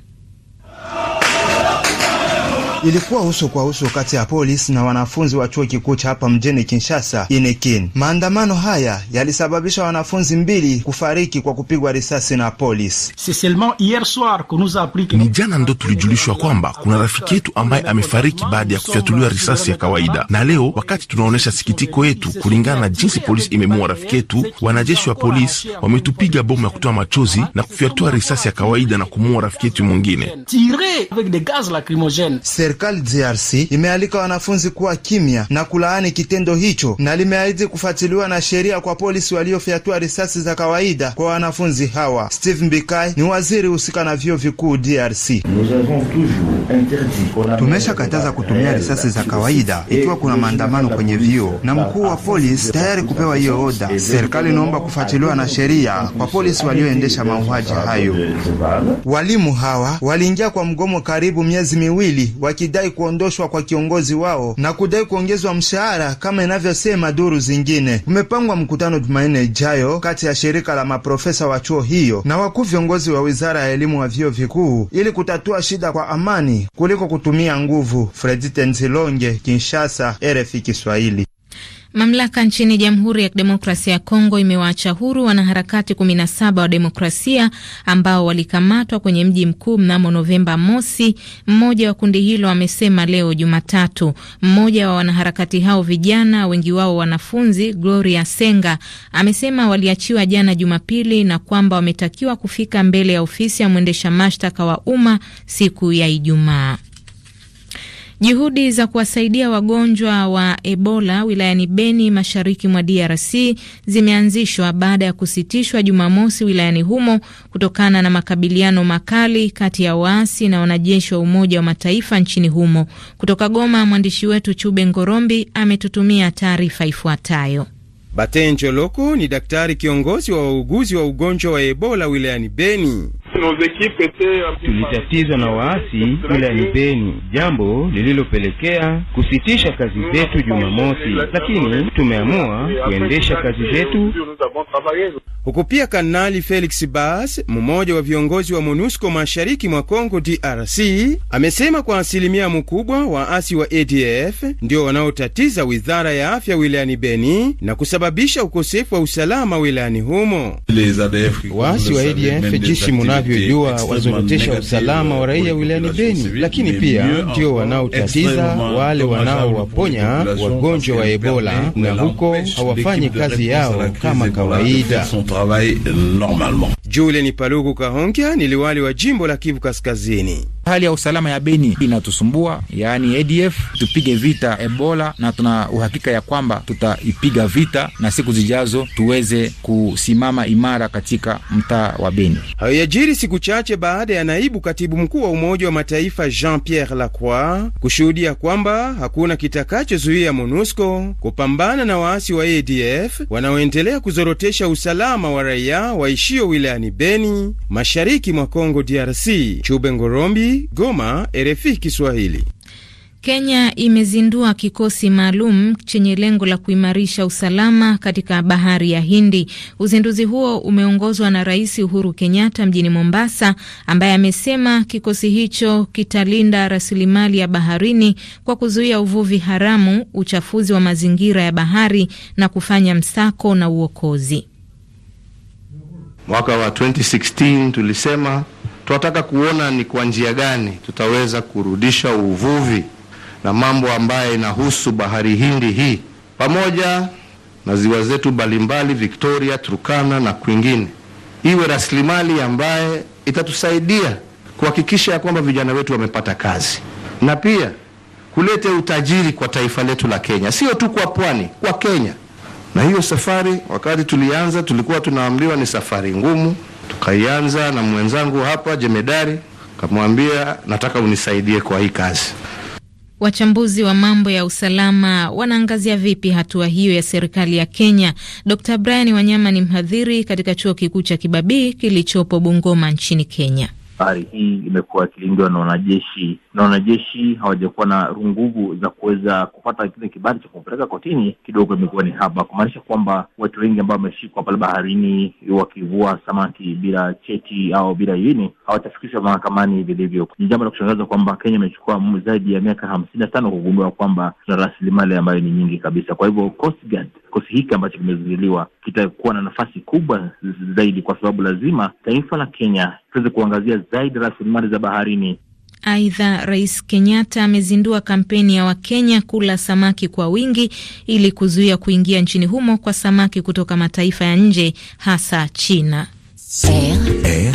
ilikuwa uso kwa uso kati ya polisi na wanafunzi wa chuo kikuu cha hapa mjini Kinshasa Inekin. Maandamano haya yalisababisha wanafunzi mbili kufariki kwa kupigwa risasi na polisi. Ni jana ndo tulijulishwa kwamba kuna rafiki yetu ambaye amefariki baada ya kufyatuliwa risasi ya kawaida, na leo wakati tunaonyesha sikitiko yetu kulingana na jinsi polisi imemua rafiki yetu, wanajeshi wa polisi wametupiga bomu ya kutoa machozi na kufyatua risasi ya kawaida na kumua rafiki yetu mwingine serikali DRC imealika wanafunzi kuwa kimya na kulaani kitendo hicho na limeahidi kufuatiliwa na sheria kwa polisi waliofyatua risasi za kawaida kwa wanafunzi hawa. Steve Mbikai ni waziri husika na vyuo vikuu DRC. kataza kutumia risasi za kawaida ikiwa kuna maandamano kwenye vyuo, na mkuu wa polisi tayari kupewa hiyo oda. Serikali inaomba kufuatiliwa na sheria kwa polisi walioendesha mauaji hayo. Walimu hawa waliingia kwa mgomo karibu miezi miwili waki wakidai kuondoshwa kwa kiongozi wao na kudai kuongezwa mshahara kama inavyosema duru zingine. Kumepangwa mkutano Jumanne ijayo kati ya shirika la maprofesa wa chuo hiyo na wakuu viongozi wa wizara ya elimu wa vyuo vikuu ili kutatua shida kwa amani kuliko kutumia nguvu. Fredi Tenzilonge, Kinshasa, RFI Kiswahili. Mamlaka nchini Jamhuri ya Kidemokrasia ya Kongo imewaacha huru wanaharakati 17 wa demokrasia ambao walikamatwa kwenye mji mkuu mnamo Novemba mosi, mmoja wa kundi hilo amesema leo Jumatatu. Mmoja wa wanaharakati hao vijana, wengi wao wanafunzi, Gloria Senga amesema waliachiwa jana Jumapili na kwamba wametakiwa kufika mbele ya ofisi ya mwendesha mashtaka wa umma siku ya Ijumaa. Juhudi za kuwasaidia wagonjwa wa Ebola wilayani Beni mashariki mwa DRC zimeanzishwa baada ya kusitishwa Jumamosi wilayani humo kutokana na makabiliano makali kati ya waasi na wanajeshi wa Umoja wa Mataifa nchini humo. Kutoka Goma, mwandishi wetu Chube Ngorombi ametutumia taarifa ifuatayo. Batenjo Loko ni daktari kiongozi wa wauguzi wa ugonjwa wa Ebola wilayani Beni. Tulitatizwa na waasi wilayani Beni, jambo lililopelekea kusitisha kazi zetu Jumamosi, lakini tumeamua kuendesha kazi zetu huku. Pia Kanali Felix Bas, mmoja wa viongozi wa MONUSCO mashariki mwa congo DRC, amesema kwa asilimia mkubwa waasi wa ADF ndio wanaotatiza wizara ya afya wilayani Beni na kusababisha ukosefu wa usalama wilayani humo. waasi wa ADF unavyojua wanazorotesha usalama wa raia wilayani Beni, lakini pia ndio wanaotatiza wale wanaowaponya wagonjwa wa Ebola, na huko hawafanyi kazi yao kama kawaida. Julien Paluku Kahongya ni liwali wa jimbo la Kivu Kaskazini. Hali ya usalama ya Beni inatusumbua, yaani ADF tupige vita Ebola, na tuna uhakika ya kwamba tutaipiga vita na siku zijazo tuweze kusimama imara katika mtaa wa Beni. Hayo yajiri siku chache baada ya naibu katibu mkuu wa Umoja wa Mataifa Jean-Pierre Lacroix kushuhudia kwamba hakuna kitakachozuia MONUSCO kupambana na waasi wa ADF wanaoendelea kuzorotesha usalama wa raia waishio wilayani Beni, mashariki mwa congo DRC. Chube Ngorombi Goma, RFI Kiswahili. Kenya imezindua kikosi maalum chenye lengo la kuimarisha usalama katika bahari ya Hindi. Uzinduzi huo umeongozwa na Rais Uhuru Kenyatta mjini Mombasa, ambaye amesema kikosi hicho kitalinda rasilimali ya baharini kwa kuzuia uvuvi haramu, uchafuzi wa mazingira ya bahari na kufanya msako na uokozi. Mwaka wa 2016 tulisema tunataka kuona ni kwa njia gani tutaweza kurudisha uvuvi na mambo ambayo inahusu bahari Hindi hii pamoja na ziwa zetu mbalimbali Victoria, Turkana na kwingine, iwe rasilimali ambaye itatusaidia kuhakikisha ya kwamba vijana wetu wamepata kazi na pia kulete utajiri kwa taifa letu la Kenya, sio tu kwa pwani, kwa Kenya. Na hiyo safari, wakati tulianza, tulikuwa tunaambiwa ni safari ngumu. Tukaianza na mwenzangu hapa jemedari, kamwambia nataka unisaidie kwa hii kazi. Wachambuzi wa mambo ya usalama wanaangazia vipi hatua hiyo ya serikali ya Kenya? Dr Brian Wanyama ni mhadhiri katika chuo kikuu cha Kibabii kilichopo Bungoma nchini Kenya safari hii imekuwa ikilindwa na wanajeshi, na wanajeshi hawajakuwa na runguvu za kuweza kupata kile kibali cha kumpeleka kotini, kidogo imekuwa ni haba, kumaanisha kwamba watu wengi ambao wameshikwa pale baharini wakivua samaki bila cheti au bila ini hawatafikishwa mahakamani vilivyo. Ni jambo la kushangaza kwamba Kenya imechukua zaidi ya miaka hamsini na tano kugundua kwamba tuna rasilimali ambayo ni nyingi kabisa. Kwa hivyo Coast Guard kikosi hiki ambacho kimezinduliwa kitakuwa na nafasi kubwa zaidi, kwa sababu lazima taifa la Kenya tuweze kuangazia zaidi rasilimali za baharini. Aidha, Rais Kenyatta amezindua kampeni ya Wakenya kula samaki kwa wingi ili kuzuia kuingia nchini humo kwa samaki kutoka mataifa ya nje hasa China. e.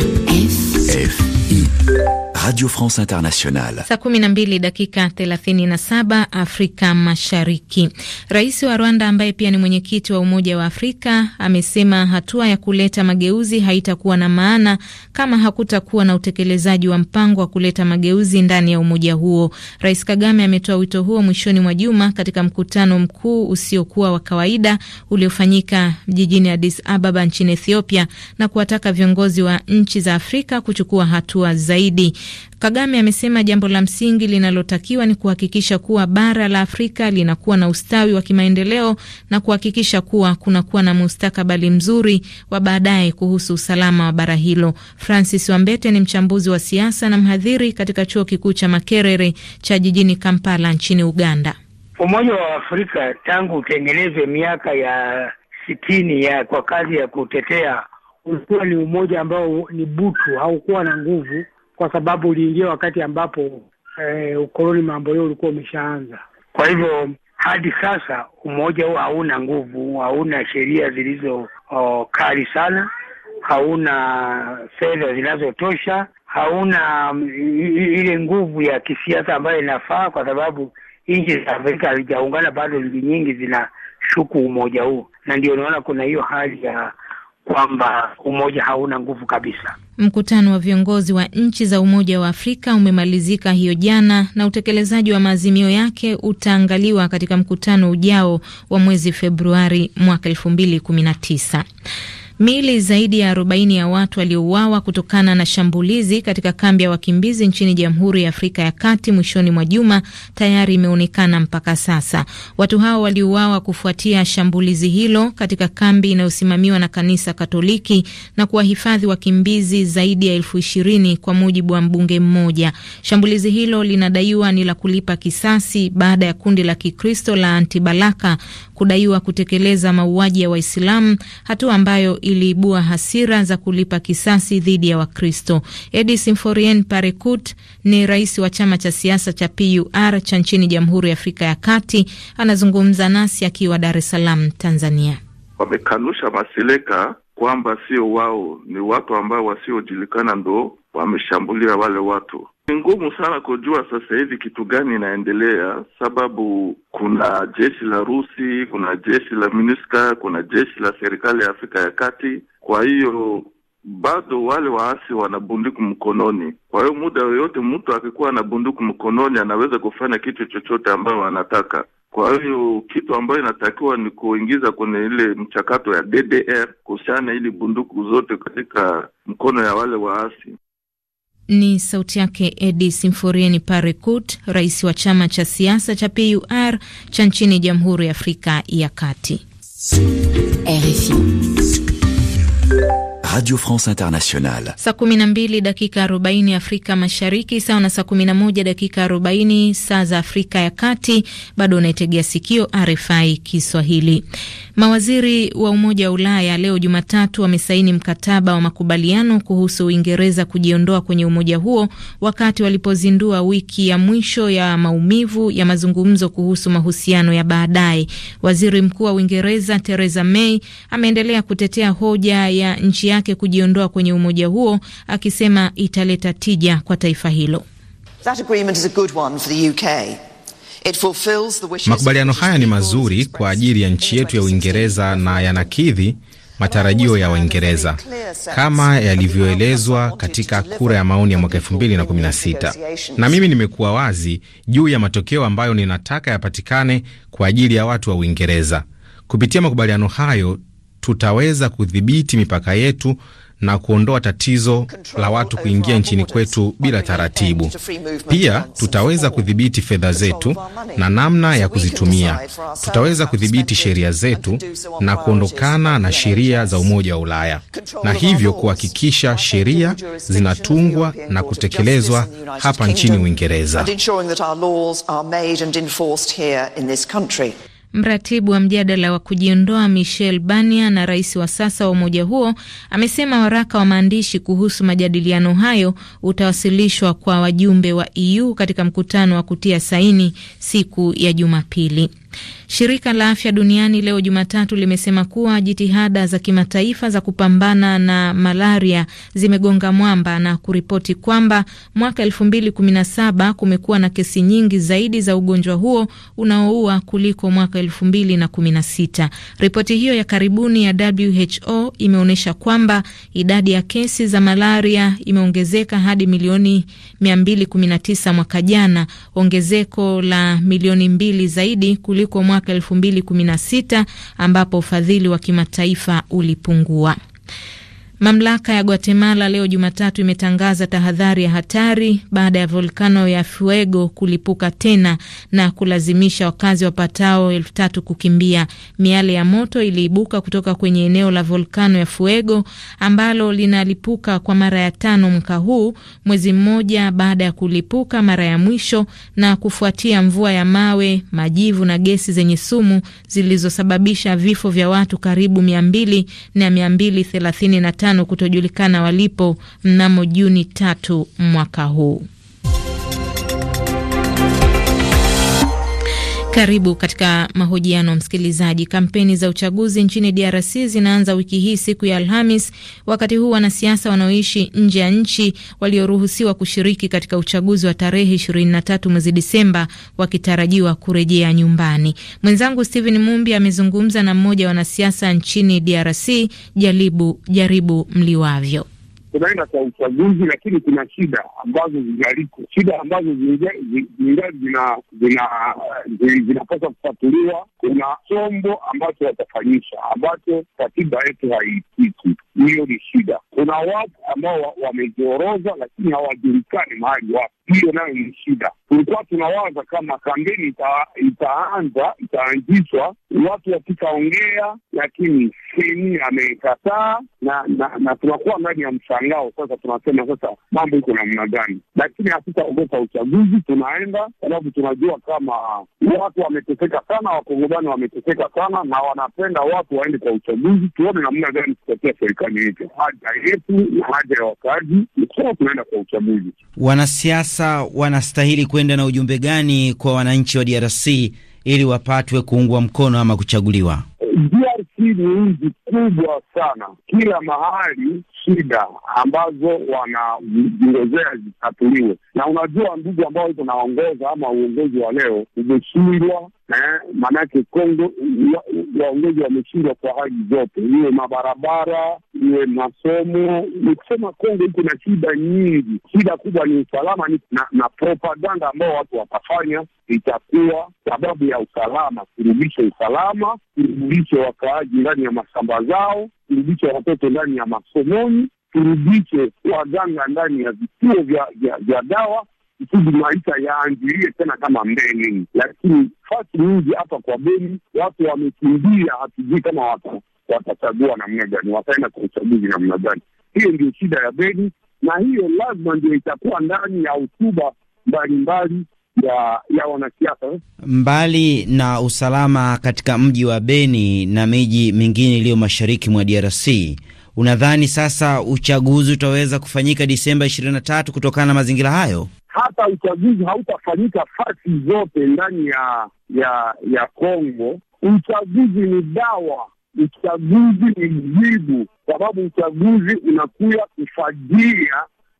Radio France Internationale. Saa 12 dakika 37 Afrika Mashariki. Rais wa Rwanda ambaye pia ni mwenyekiti wa Umoja wa Afrika amesema hatua ya kuleta mageuzi haitakuwa na maana kama hakutakuwa na utekelezaji wa mpango wa kuleta mageuzi ndani ya umoja huo. Rais Kagame ametoa wito huo mwishoni mwa juma katika mkutano mkuu usiokuwa wa kawaida uliofanyika jijini Addis Ababa nchini Ethiopia na kuwataka viongozi wa nchi za Afrika kuchukua hatua zaidi. Kagame amesema jambo la msingi linalotakiwa ni kuhakikisha kuwa bara la Afrika linakuwa na ustawi wa kimaendeleo na kuhakikisha kuwa kunakuwa na mustakabali mzuri wa baadaye kuhusu usalama wa bara hilo. Francis Wambete ni mchambuzi wa siasa na mhadhiri katika chuo kikuu cha Makerere cha jijini Kampala nchini Uganda. Umoja wa Afrika tangu utengenezwe miaka ya sitini ya kwa kazi ya kutetea ulikuwa ni umoja ambao ni butu, haukuwa na nguvu kwa sababu uliingia wakati ambapo e, ukoloni mambo hiyo ulikuwa umeshaanza. Kwa hivyo hadi sasa umoja huo hauna nguvu, hauna sheria zilizo oh, kali sana, hauna fedha zinazotosha, hauna mm, ile nguvu ya kisiasa ambayo inafaa, kwa sababu nchi za Afrika hazijaungana bado, nchi nyingi zinashuku umoja huo na ndio unaona kuna hiyo hali ya kwamba umoja hauna nguvu kabisa. Mkutano wa viongozi wa nchi za Umoja wa Afrika umemalizika hiyo jana na utekelezaji wa maazimio yake utaangaliwa katika mkutano ujao wa mwezi Februari mwaka 219 Miili zaidi ya 40 ya watu waliouawa kutokana na shambulizi katika kambi ya wakimbizi nchini Jamhuri ya Afrika ya Kati mwishoni mwa juma tayari imeonekana mpaka sasa. Watu hao waliuawa kufuatia shambulizi hilo katika kambi inayosimamiwa na kanisa Katoliki na kuwahifadhi wakimbizi zaidi ya elfu ishirini kwa mujibu wa mbunge mmoja. Shambulizi hilo linadaiwa ni la kulipa kisasi baada ya kundi la Kikristo la Antibalaka kudaiwa kutekeleza mauaji ya Waislamu, hatua ambayo iliibua hasira za kulipa kisasi dhidi ya Wakristo. Edi Simforien Parekut ni rais wa chama cha siasa cha PUR cha nchini Jamhuri ya Afrika ya Kati, anazungumza nasi akiwa Dar es Salaam, Tanzania. Wamekanusha Masileka kwamba sio wao, ni watu ambao wasiojulikana ndo wameshambulia wale watu ni ngumu sana kujua sasa hivi kitu gani inaendelea, sababu kuna jeshi la Rusi, kuna jeshi la MINUSCA, kuna jeshi la serikali ya Afrika ya Kati. Kwa hiyo bado wale waasi wana bunduki mkononi. Kwa hiyo muda yoyote mtu akikuwa na bunduki mkononi anaweza kufanya kitu chochote ambayo anataka. Kwa hiyo kitu ambayo inatakiwa ni kuingiza kwenye ile mchakato ya DDR, kuhusiana ili bunduku zote katika mkono ya wale waasi. Ni sauti yake Edi Simforieni Parekut, rais wa chama cha siasa cha PUR cha nchini Jamhuri ya Afrika ya Kati. RFI. Radio France Internationale. Saa 12 dakika 40 Afrika Mashariki, sawa na saa 11 dakika 40 saa za Afrika ya Kati. Bado unaitegea sikio RFI Kiswahili. Mawaziri wa Umoja wa Ulaya leo Jumatatu wamesaini mkataba wa makubaliano kuhusu Uingereza kujiondoa kwenye umoja huo wakati walipozindua wiki ya mwisho ya maumivu ya mazungumzo kuhusu mahusiano ya baadaye. Waziri Mkuu wa Uingereza Theresa May ameendelea kutetea hoja ya nchi yake yake kujiondoa kwenye umoja huo, akisema italeta tija kwa taifa hilo. Makubaliano haya ni mazuri kwa ajili ya nchi yetu ya Uingereza na yanakidhi matarajio ya Waingereza kama yalivyoelezwa katika kura ya maoni ya mwaka 2016. Na mimi nimekuwa wazi juu ya matokeo ambayo ninataka yapatikane kwa ajili ya watu wa Uingereza. Kupitia makubaliano hayo tutaweza kudhibiti mipaka yetu na kuondoa tatizo la watu kuingia nchini kwetu bila taratibu. Pia tutaweza kudhibiti fedha zetu na namna ya kuzitumia. Tutaweza kudhibiti sheria zetu na kuondokana na sheria za Umoja wa Ulaya, na hivyo kuhakikisha sheria zinatungwa na kutekelezwa hapa nchini Uingereza. Mratibu wa mjadala wa kujiondoa Michel Bania na rais wa sasa wa umoja huo amesema waraka wa maandishi kuhusu majadiliano hayo utawasilishwa kwa wajumbe wa EU katika mkutano wa kutia saini siku ya Jumapili. Shirika la Afya Duniani leo Jumatatu limesema kuwa jitihada za kimataifa za kupambana na malaria zimegonga mwamba na kuripoti kwamba mwaka 2017 kumekuwa na kesi nyingi zaidi za ugonjwa huo unaoua kuliko mwaka 2016. Ripoti hiyo ya karibuni ya WHO imeonyesha kwamba idadi ya kesi za malaria imeongezeka hadi milioni 219 mwaka jana, ongezeko la milioni mbili zaidi kuliko kwa mwaka 2016 ambapo ufadhili wa kimataifa ulipungua. Mamlaka ya Guatemala leo Jumatatu imetangaza tahadhari ya hatari baada ya volkano ya Fuego kulipuka tena na kulazimisha wakazi wapatao elfu tatu kukimbia. Miale ya moto iliibuka kutoka kwenye eneo la volkano ya Fuego ambalo linalipuka kwa mara ya tano mwaka huu, mwezi mmoja baada ya kulipuka mara ya mwisho na kufuatia mvua ya mawe, majivu na gesi zenye sumu zilizosababisha vifo vya watu karibu mia mbili na mia mbili thelathini na tano watano kutojulikana walipo mnamo Juni tatu mwaka huu. Karibu katika mahojiano msikilizaji. Kampeni za uchaguzi nchini DRC zinaanza wiki hii siku ya Alhamis, wakati huu wanasiasa wanaoishi nje ya nchi walioruhusiwa kushiriki katika uchaguzi wa tarehe 23 mwezi Disemba wakitarajiwa kurejea nyumbani. Mwenzangu Stephen Mumbi amezungumza na mmoja wa wanasiasa nchini DRC, Jaribu Jaribu Mliwavyo tunaenda kwa uchaguzi, lakini kuna shida ambazo zinaliko, shida ambazo zingali zinapaswa kufatuliwa Kuna chombo ambacho watafanyisha ambacho katiba yetu haitiki hiyo ni shida. Kuna watu ambao wamejioroza, lakini hawajulikani mahali wapo. Hiyo nayo ni shida. Tulikuwa tunawaza kama kampeni ita, itaanza itaanzishwa, watu watikaongea, lakini seni amekataa na, na, na tunakuwa ndani ya mshangao sasa. Tunasema sasa mambo iko namna gani? Lakini hatutaogopa uchaguzi, tunaenda sababu tunajua kama watu wameteseka sana, wakongomani wameteseka sana, na wanapenda watu waende kwa uchaguzi. Tuone namna gani kutokea serikali kufanya hivyo. Haja yetu na haja ya wakazi ni tunaenda kwa uchaguzi. Wanasiasa wanastahili kwenda na ujumbe gani kwa wananchi wa DRC ili wapatwe kuungwa mkono ama kuchaguliwa? DRC ni nchi kubwa sana, kila mahali shida ambazo wanazingozea zitatuliwe. Na unajua ndugu, ambao iko naongoza ama uongozi wa leo umeshindwa eh, maanake Kongo waongozi wameshindwa kwa hali zote, iwe mabarabara, iwe masomo. Ni kusema Kongo iko na shida nyingi. Shida kubwa ni usalama na, na propaganda ambao watu watafanya itakuwa sababu ya usalama, kurudisha usalama, kurudisha wakaaji ndani ya mashamba zao turudishe watoto ndani ya masomoni, turudishe waganga ndani ya vituo vya, vya, vya dawa kusudi maisha yaanjilie tena kama mbele. Lakini fasi nyingi hapa kwa Beni watu wamekimbia, hatujui kama watachagua namna gani, wataenda kwa uchaguzi namna gani. Hiyo ndio shida ya Beni, na hiyo lazima ndio itakuwa ndani ya hotuba mbalimbali ya, ya wanasiasa. Mbali na usalama katika mji wa Beni na miji mingine iliyo mashariki mwa DRC, unadhani sasa uchaguzi utaweza kufanyika Disemba ishirini na tatu kutokana na mazingira hayo? Hata uchaguzi hautafanyika fasi zote ndani ya ya ya Kongo. Uchaguzi ni dawa, uchaguzi ni jibu, sababu uchaguzi unakuya kufagia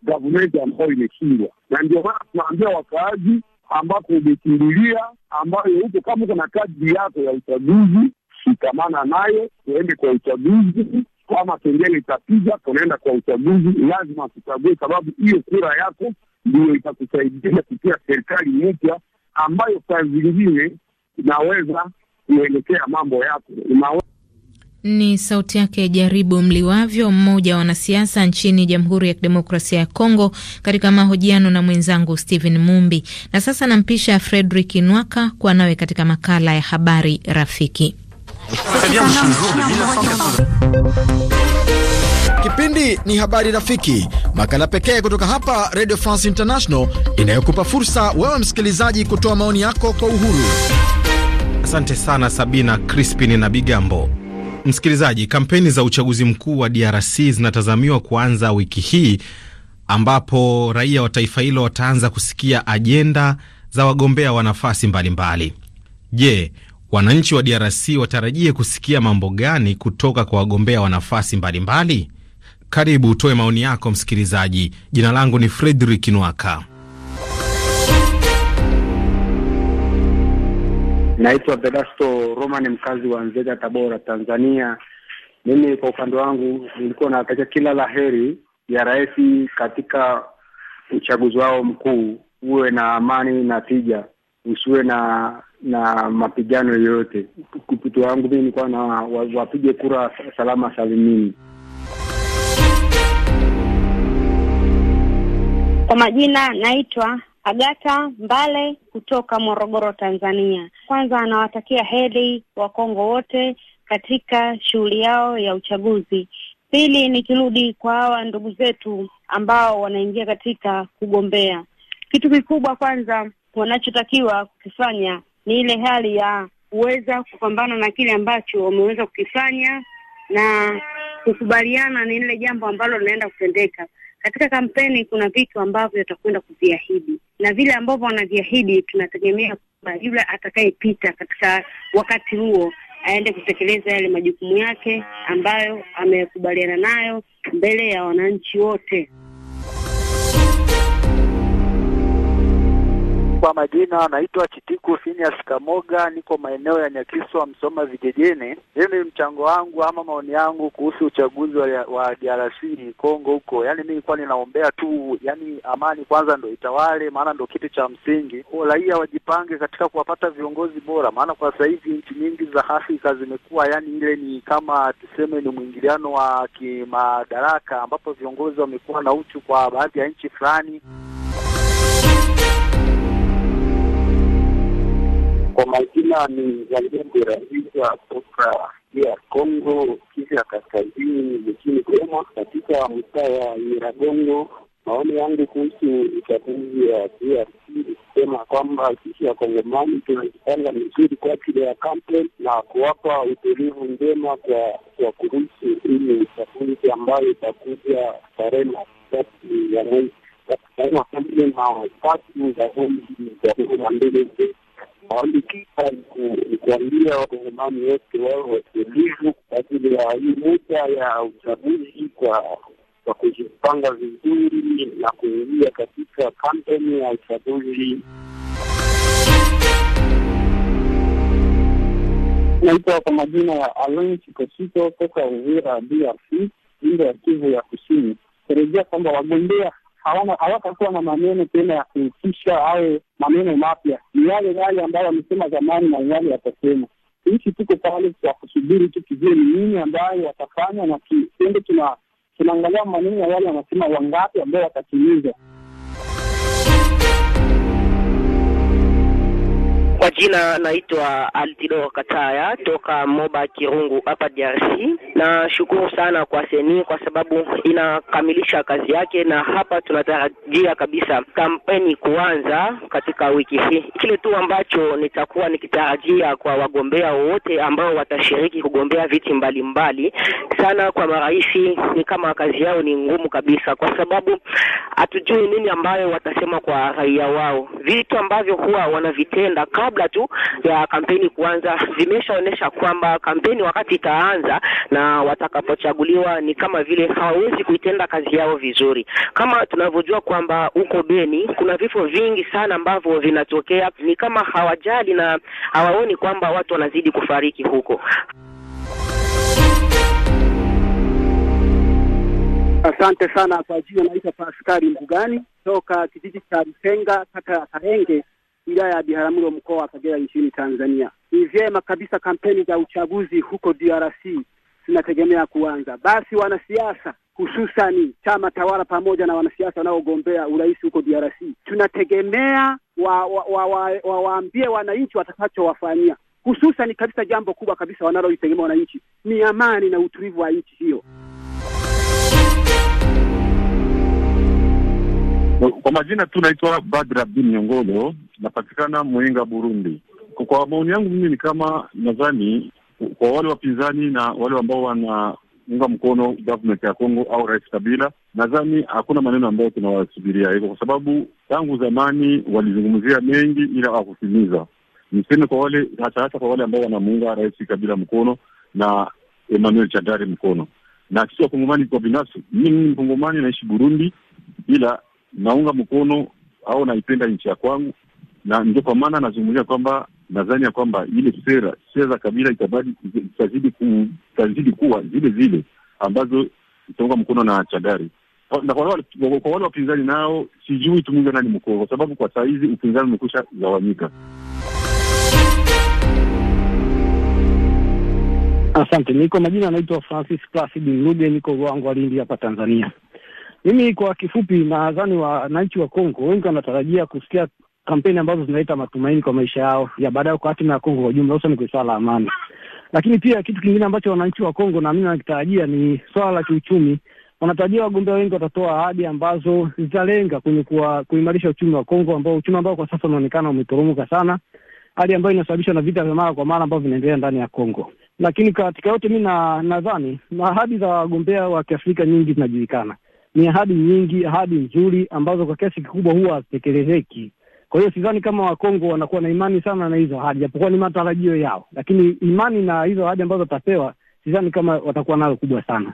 gavumenti ambayo imeshindwa, na ndio maana tunaambia wakaaji ambako umekimbilia, ambayo huko kama uko na kadi yako ya uchaguzi, shikamana nayo, tuende kwa uchaguzi. Kama kengele itapiga, tunaenda kwa uchaguzi, lazima tuchague, sababu hiyo kura yako ndiyo itakusaidia kupia serikali mpya ambayo saa zingine inaweza kuelekea mambo yako ni sauti yake Jaribu Mliwavyo, mmoja wa wanasiasa nchini Jamhuri ya Kidemokrasia ya Kongo, katika mahojiano na mwenzangu Stephen Mumbi. Na sasa nampisha Fredrik Nwaka kuwa nawe katika makala ya Habari Rafiki. Kipindi ni Habari Rafiki, makala pekee kutoka hapa Radio France International inayokupa fursa wewe msikilizaji kutoa maoni yako kwa uhuru. Asante sana Sabina Crispin na Bigambo. Msikilizaji, kampeni za uchaguzi mkuu wa DRC zinatazamiwa kuanza wiki hii ambapo raia wa taifa hilo wataanza kusikia ajenda za wagombea wa nafasi mbalimbali. Je, wananchi wa DRC watarajie kusikia mambo gani kutoka kwa wagombea wa nafasi mbalimbali? Karibu utoe maoni yako msikilizaji. Jina langu ni Fredrik Nwaka. Naitwa Vedasto Roma, ni mkazi wa Nzega, Tabora, Tanzania. Mimi kwa upande wangu nilikuwa natakia kila laheri ya rais katika uchaguzi wao mkuu, uwe na amani na tija, usiwe na na mapigano yoyote. Kupitia wangu mii nilikuwa na wapige kura salama salimini. Kwa majina naitwa Agata Mbale kutoka Morogoro, Tanzania. Kwanza anawatakia heri Wakongo wote katika shughuli yao ya uchaguzi. Pili, nikirudi kwa hawa ndugu zetu ambao wanaingia katika kugombea, kitu kikubwa kwanza wanachotakiwa kukifanya ni ile hali ya kuweza kupambana na kile ambacho wameweza kukifanya na kukubaliana na ile jambo ambalo linaenda kutendeka katika kampeni kuna vitu ambavyo watakwenda kuviahidi na vile ambavyo wanaviahidi, tunategemea kwamba yule atakayepita katika wakati huo aende kutekeleza yale majukumu yake ambayo amekubaliana nayo mbele ya wananchi wote. kwa majina anaitwa Chitiku Finias Kamoga, niko maeneo ya Nyakiswa, Msoma vijijini. mimi mchango wangu ama maoni yangu kuhusu uchaguzi wa, DRC Kongo huko. yani mi nilikuwa ninaombea tu, yani amani kwanza ndo itawale, maana ndo kitu cha msingi. Raia wajipange katika kuwapata viongozi bora, maana kwa sasa hivi nchi nyingi za Afrika zimekuwa yani ile ni kama tuseme ni mwingiliano wa kimadaraka, ambapo viongozi wamekuwa na uchu kwa baadhi ya nchi fulani. majina ni Zalembe, raia kutoka ya Kongo, Kivu ya kaskazini, nchini Goma, katika mtaa ya Nyiragongo. Maoni yangu kuhusu uchaguzi ya DRC kusema kwamba sisi kongomani tunajipanga mizuri kwa ajili ya kampeni na kuwapa utulivu njema kwa kwa kuruhusu ili uchaguzi ambayo itakuja tarehe matatu ya mwezi tatu za mwezi wa kumi na mbili Waandikika kuambia wakongomani wote wao watulivu kwa ajili ya hii muda ya uchaguzi, kwa kwa kujipanga vizuri na kuingia katika kampeni ya uchaguzi. Naitwa kwa majina ya Alon Chikosito toka Uvira, DRC, jimbo ya Kivu ya Kusini. Kurejea kwamba wagombea hawatakuwa na maneno tena ya kuhusisha au maneno mapya. Ni yale yale ambayo wamesema zamani na yale watasema. Sisi tuko pale kwa kusubiri tu kijue ni nini ambayo watafanya, na tuende tunaangalia maneno ya wale wanasema wangapi ambao watatimiza. Kwa jina naitwa Altidor Kataya toka Moba Kirungu hapa DRC. Nashukuru sana kwa seni kwa sababu inakamilisha kazi yake, na hapa tunatarajia kabisa kampeni kuanza katika wiki hii. Kile tu ambacho nitakuwa nikitarajia kwa wagombea wote ambao watashiriki kugombea viti mbalimbali mbali, sana kwa maraisi, ni kama kazi yao ni ngumu kabisa, kwa sababu hatujui nini ambayo watasema kwa raia wao, vitu ambavyo huwa wanavitenda kabla kabla tu ya kampeni kuanza vimeshaonyesha kwamba kampeni wakati itaanza na watakapochaguliwa ni kama vile hawawezi kuitenda kazi yao vizuri. Kama tunavyojua kwamba huko Beni kuna vifo vingi sana ambavyo vinatokea, ni kama hawajali na hawaoni kwamba watu wanazidi kufariki huko. Asante sana kwa jina, naitwa Paskari Mbugani toka kijiji cha Rusenga, kata ya Karenge, wilaya ya Biharamulo mkoa wa Kagera nchini Tanzania. Ni vyema kabisa kampeni za uchaguzi huko DRC zinategemea kuanza. Basi wanasiasa hususani chama tawala pamoja na wanasiasa wanaogombea urais huko DRC tunategemea wawaambie wa, wa, wa, wa wananchi watakachowafanyia, hususani kabisa jambo kubwa kabisa wanaloitegemea wananchi ni amani na utulivu wa nchi hiyo. Kwa majina tu naitwa Badr Abdul Nyongolo, napatikana Muyinga, Burundi. Kwa maoni yangu mimi ni kama nadhani kwa wale wapinzani na wale ambao wanaunga mkono government ya Kongo au Rais Kabila, nadhani hakuna maneno ambayo tunawasubiria hivyo, kwa sababu tangu zamani walizungumzia mengi, ila hawakutimiza. Niseme kwa wale hasa hasa kwa wale ambao wanamuunga Rais Kabila mkono na Emmanuel Chandari mkono, na sisi Wakongomani kwa binafsi, mimi ni Mkongomani, naishi Burundi, ila naunga mkono au naipenda nchi ya kwangu, na ndio kwa maana anazungumzia kwamba nadhani ya kwamba ile sera sera za Kabila itazidi ku, itazidi kuwa zile zile ambazo itaunga mkono na Chagari na kwa wale kwa wale wapinzani nao sijui tumunge nani mkono, kwa sababu kwa saa hizi upinzani umekwisha gawanyika. Asante. Niko majina anaitwa Francis Placid Mruge, niko Ruangwa, Lindi hapa Tanzania. Mimi kwa kifupi, nadhani wananchi wa Kongo wengi wanatarajia kusikia kampeni ambazo zinaleta matumaini kwa maisha yao ya baadaye kwa hatima ya Kongo kwa ujumla, hususani kwenye swala la amani. Lakini pia kitu kingine ambacho wananchi wa Kongo na mimi nakitarajia ni swala la kiuchumi. Wanatarajia wagombea wengi watatoa ahadi ambazo zitalenga kwenye kuimarisha uchumi wa Kongo, ambao uchumi ambao kwa sasa unaonekana umetoromoka sana, hali ambayo inasababishwa na vita vya mara kwa mara ambavyo vinaendelea ndani ya Kongo. Lakini katika yote, mi nadhani na ahadi za wagombea wa kiafrika nyingi zinajulikana, ni ahadi nyingi, ahadi nzuri ambazo kwa kiasi kikubwa huwa hazitekelezeki. Kwa hiyo sidhani kama Wakongo wanakuwa na imani sana na hizo ahadi, japokuwa ni matarajio yao, lakini imani na hizo ahadi ambazo watapewa sidhani kama watakuwa nayo kubwa sana.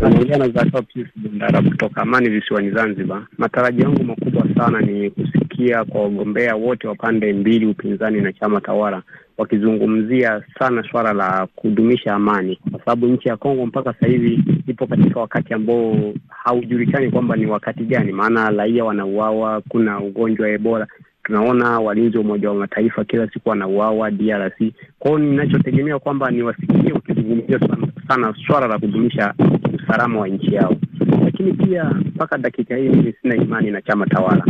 Naongea na Pius Bundara kutoka Amani visiwani Zanzibar. Matarajio yangu makubwa sana ni kusikia tumesikia kwa wagombea wote wa pande mbili, upinzani na chama tawala, wakizungumzia sana swala la kudumisha amani, kwa sababu nchi ya Kongo mpaka sasa hivi ipo katika wakati ambao haujulikani kwamba ni wakati gani, maana raia wanauawa, kuna ugonjwa wa Ebola tunaona walinzi wa Umoja wa Mataifa kila siku wanauawa DRC. Kwao ninachotegemea kwamba niwasikie wakizungumzia sana, sana swala la kudumisha usalama wa nchi yao, lakini pia mpaka dakika hii mimi sina imani na chama tawala,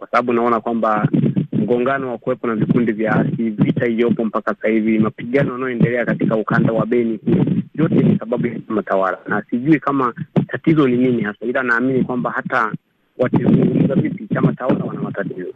kwa sababu naona kwamba mgongano wa kuwepo na vikundi vya asi, vita iliyopo mpaka sasa hivi, mapigano yanayoendelea katika ukanda wa Beni huu, yote ni sababu ya chama tawala, na sijui kama tatizo ni nini hasa, ila naamini kwamba hata watizungumza vipi chama tawala wana matatizo.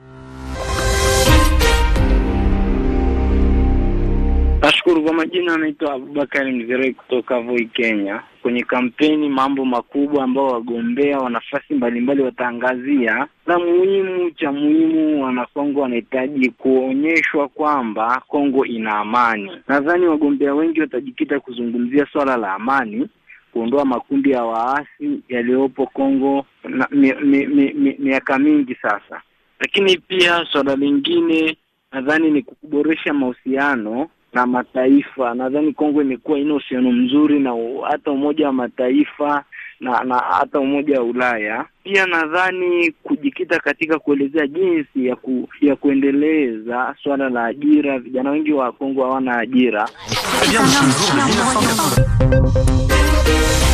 Nashukuru kwa majina, anaitwa Abubakari Mzerei kutoka Voi, Kenya. Kwenye kampeni, mambo makubwa ambao wagombea wa nafasi mbalimbali wataangazia, na muhimu cha muhimu, wanakongo wanahitaji kuonyeshwa kwamba Kongo ina amani. Nadhani wagombea wengi watajikita kuzungumzia swala la amani, kuondoa makundi ya waasi yaliyopo Kongo miaka mingi sasa, lakini pia swala lingine nadhani ni kuboresha mahusiano na mataifa. Nadhani Kongo imekuwa ina uhusiano mzuri na hata Umoja wa Mataifa na na hata Umoja wa Ulaya. Pia nadhani kujikita katika kuelezea jinsi ya ku, ya kuendeleza swala la ajira. Vijana wengi wa Kongo hawana ajira.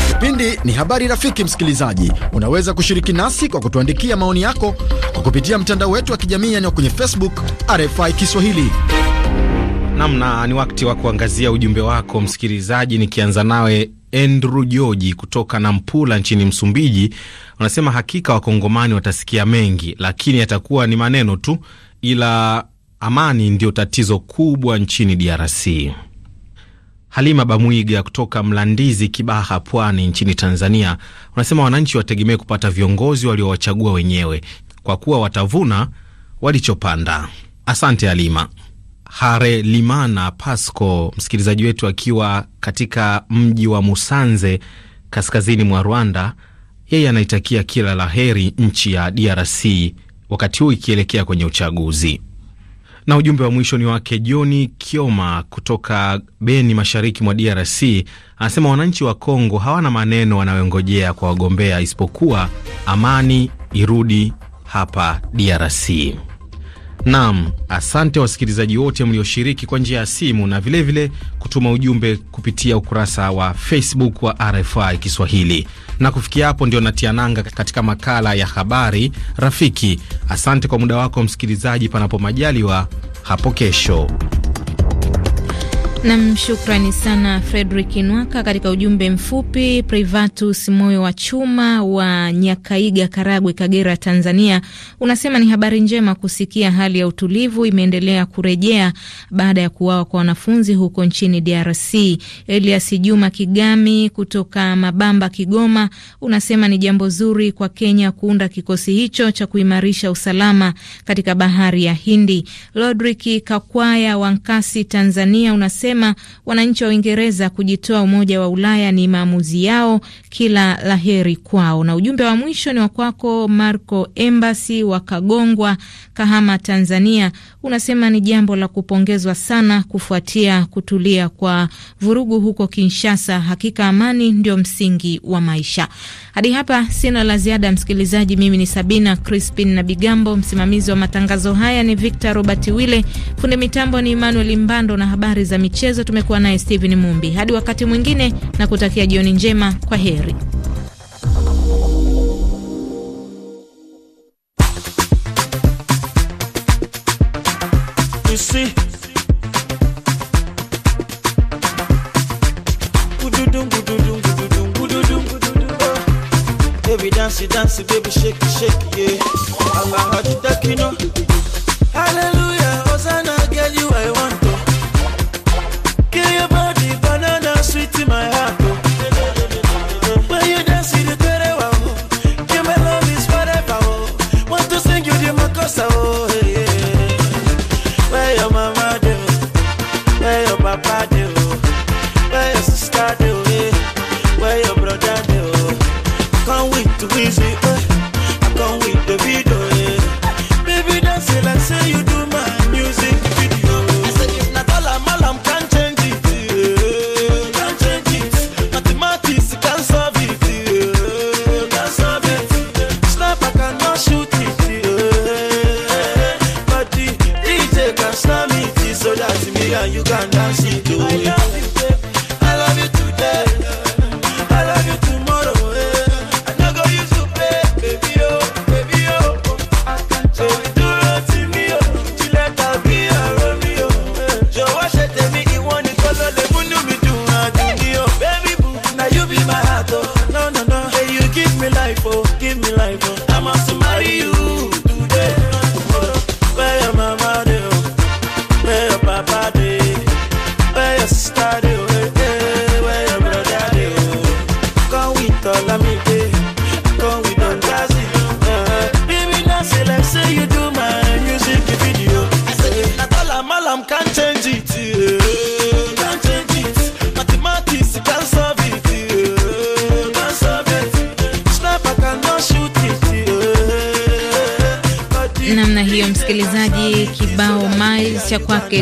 Kipindi ni habari rafiki. Msikilizaji, unaweza kushiriki nasi kwa kutuandikia maoni yako kwa kupitia mtandao wetu wa kijamii, yaani kwenye Facebook RFI Kiswahili namna ni wakati wa kuangazia ujumbe wako msikilizaji, nikianza nawe Andrew Joji kutoka Nampula nchini Msumbiji. Unasema hakika wakongomani watasikia mengi, lakini yatakuwa ni maneno tu, ila amani ndio tatizo kubwa nchini DRC. Halima Bamwiga kutoka Mlandizi, Kibaha, Pwani nchini Tanzania, unasema wananchi wategemee kupata viongozi waliowachagua wenyewe, kwa kuwa watavuna walichopanda. Asante Halima. Harelimana Pasco, msikilizaji wetu akiwa katika mji wa Musanze kaskazini mwa Rwanda. Yeye anaitakia kila la heri nchi ya DRC wakati huu ikielekea kwenye uchaguzi. Na ujumbe wa mwisho ni wake Joni Kioma kutoka Beni, mashariki mwa DRC. Anasema wananchi wa Kongo hawana maneno wanayongojea kwa wagombea isipokuwa amani irudi hapa DRC. Naam, asante wasikilizaji wote mlioshiriki kwa njia ya simu na vilevile vile kutuma ujumbe kupitia ukurasa wa Facebook wa RFI Kiswahili. Na kufikia hapo ndio natia nanga katika makala ya habari rafiki. Asante kwa muda wako msikilizaji, panapo majaliwa hapo kesho. Nam, shukrani sana Fredrik Nwaka katika ujumbe mfupi. Privatus Moyo wa Chuma wa Nyakaiga, Karagwe, Kagera, Tanzania, unasema ni habari njema kusikia hali ya utulivu imeendelea kurejea baada ya kuwawa kwa wanafunzi huko nchini DRC. Elias Juma Kigami kutoka Mabamba, Kigoma, unasema ni jambo zuri kwa Kenya kuunda kikosi hicho cha kuimarisha usalama katika bahari ya Hindi. Lodrik Kakwaya Wankasi, Tanzania, unasema amesema wananchi wa Uingereza kujitoa Umoja wa Ulaya ni maamuzi yao, kila laheri kwao. Na ujumbe wa mwisho ni wakwako Marco Embasi wa Kagongwa, Kahama, Tanzania, unasema ni jambo la kupongezwa sana kufuatia kutulia kwa vurugu huko Kinshasa. Hakika amani ndio msingi wa maisha. Hadi hapa sina la ziada, msikilizaji. Mimi ni Sabina Crispin na Bigambo, msimamizi wa matangazo haya ni Victor Robert Wille, fundi mitambo ni Emmanuel Mbando na habari za michezo michezo tumekuwa naye Steven Mumbi. Hadi wakati mwingine, na kutakia jioni njema, kwa heri. dance, dance, baby, shake, shake, yeah.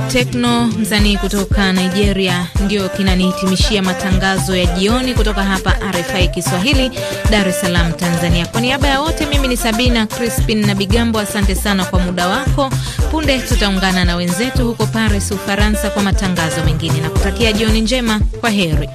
Tekno, msanii kutoka Nigeria, ndio kinanihitimishia matangazo ya jioni kutoka hapa RFI Kiswahili, Dar es Salaam, Tanzania. Kwa niaba ya wote, mimi ni Sabina Crispin na Bigambo, asante sana kwa muda wako. Punde tutaungana na wenzetu huko Paris, Ufaransa, kwa matangazo mengine na kutakia jioni njema. Kwa heri.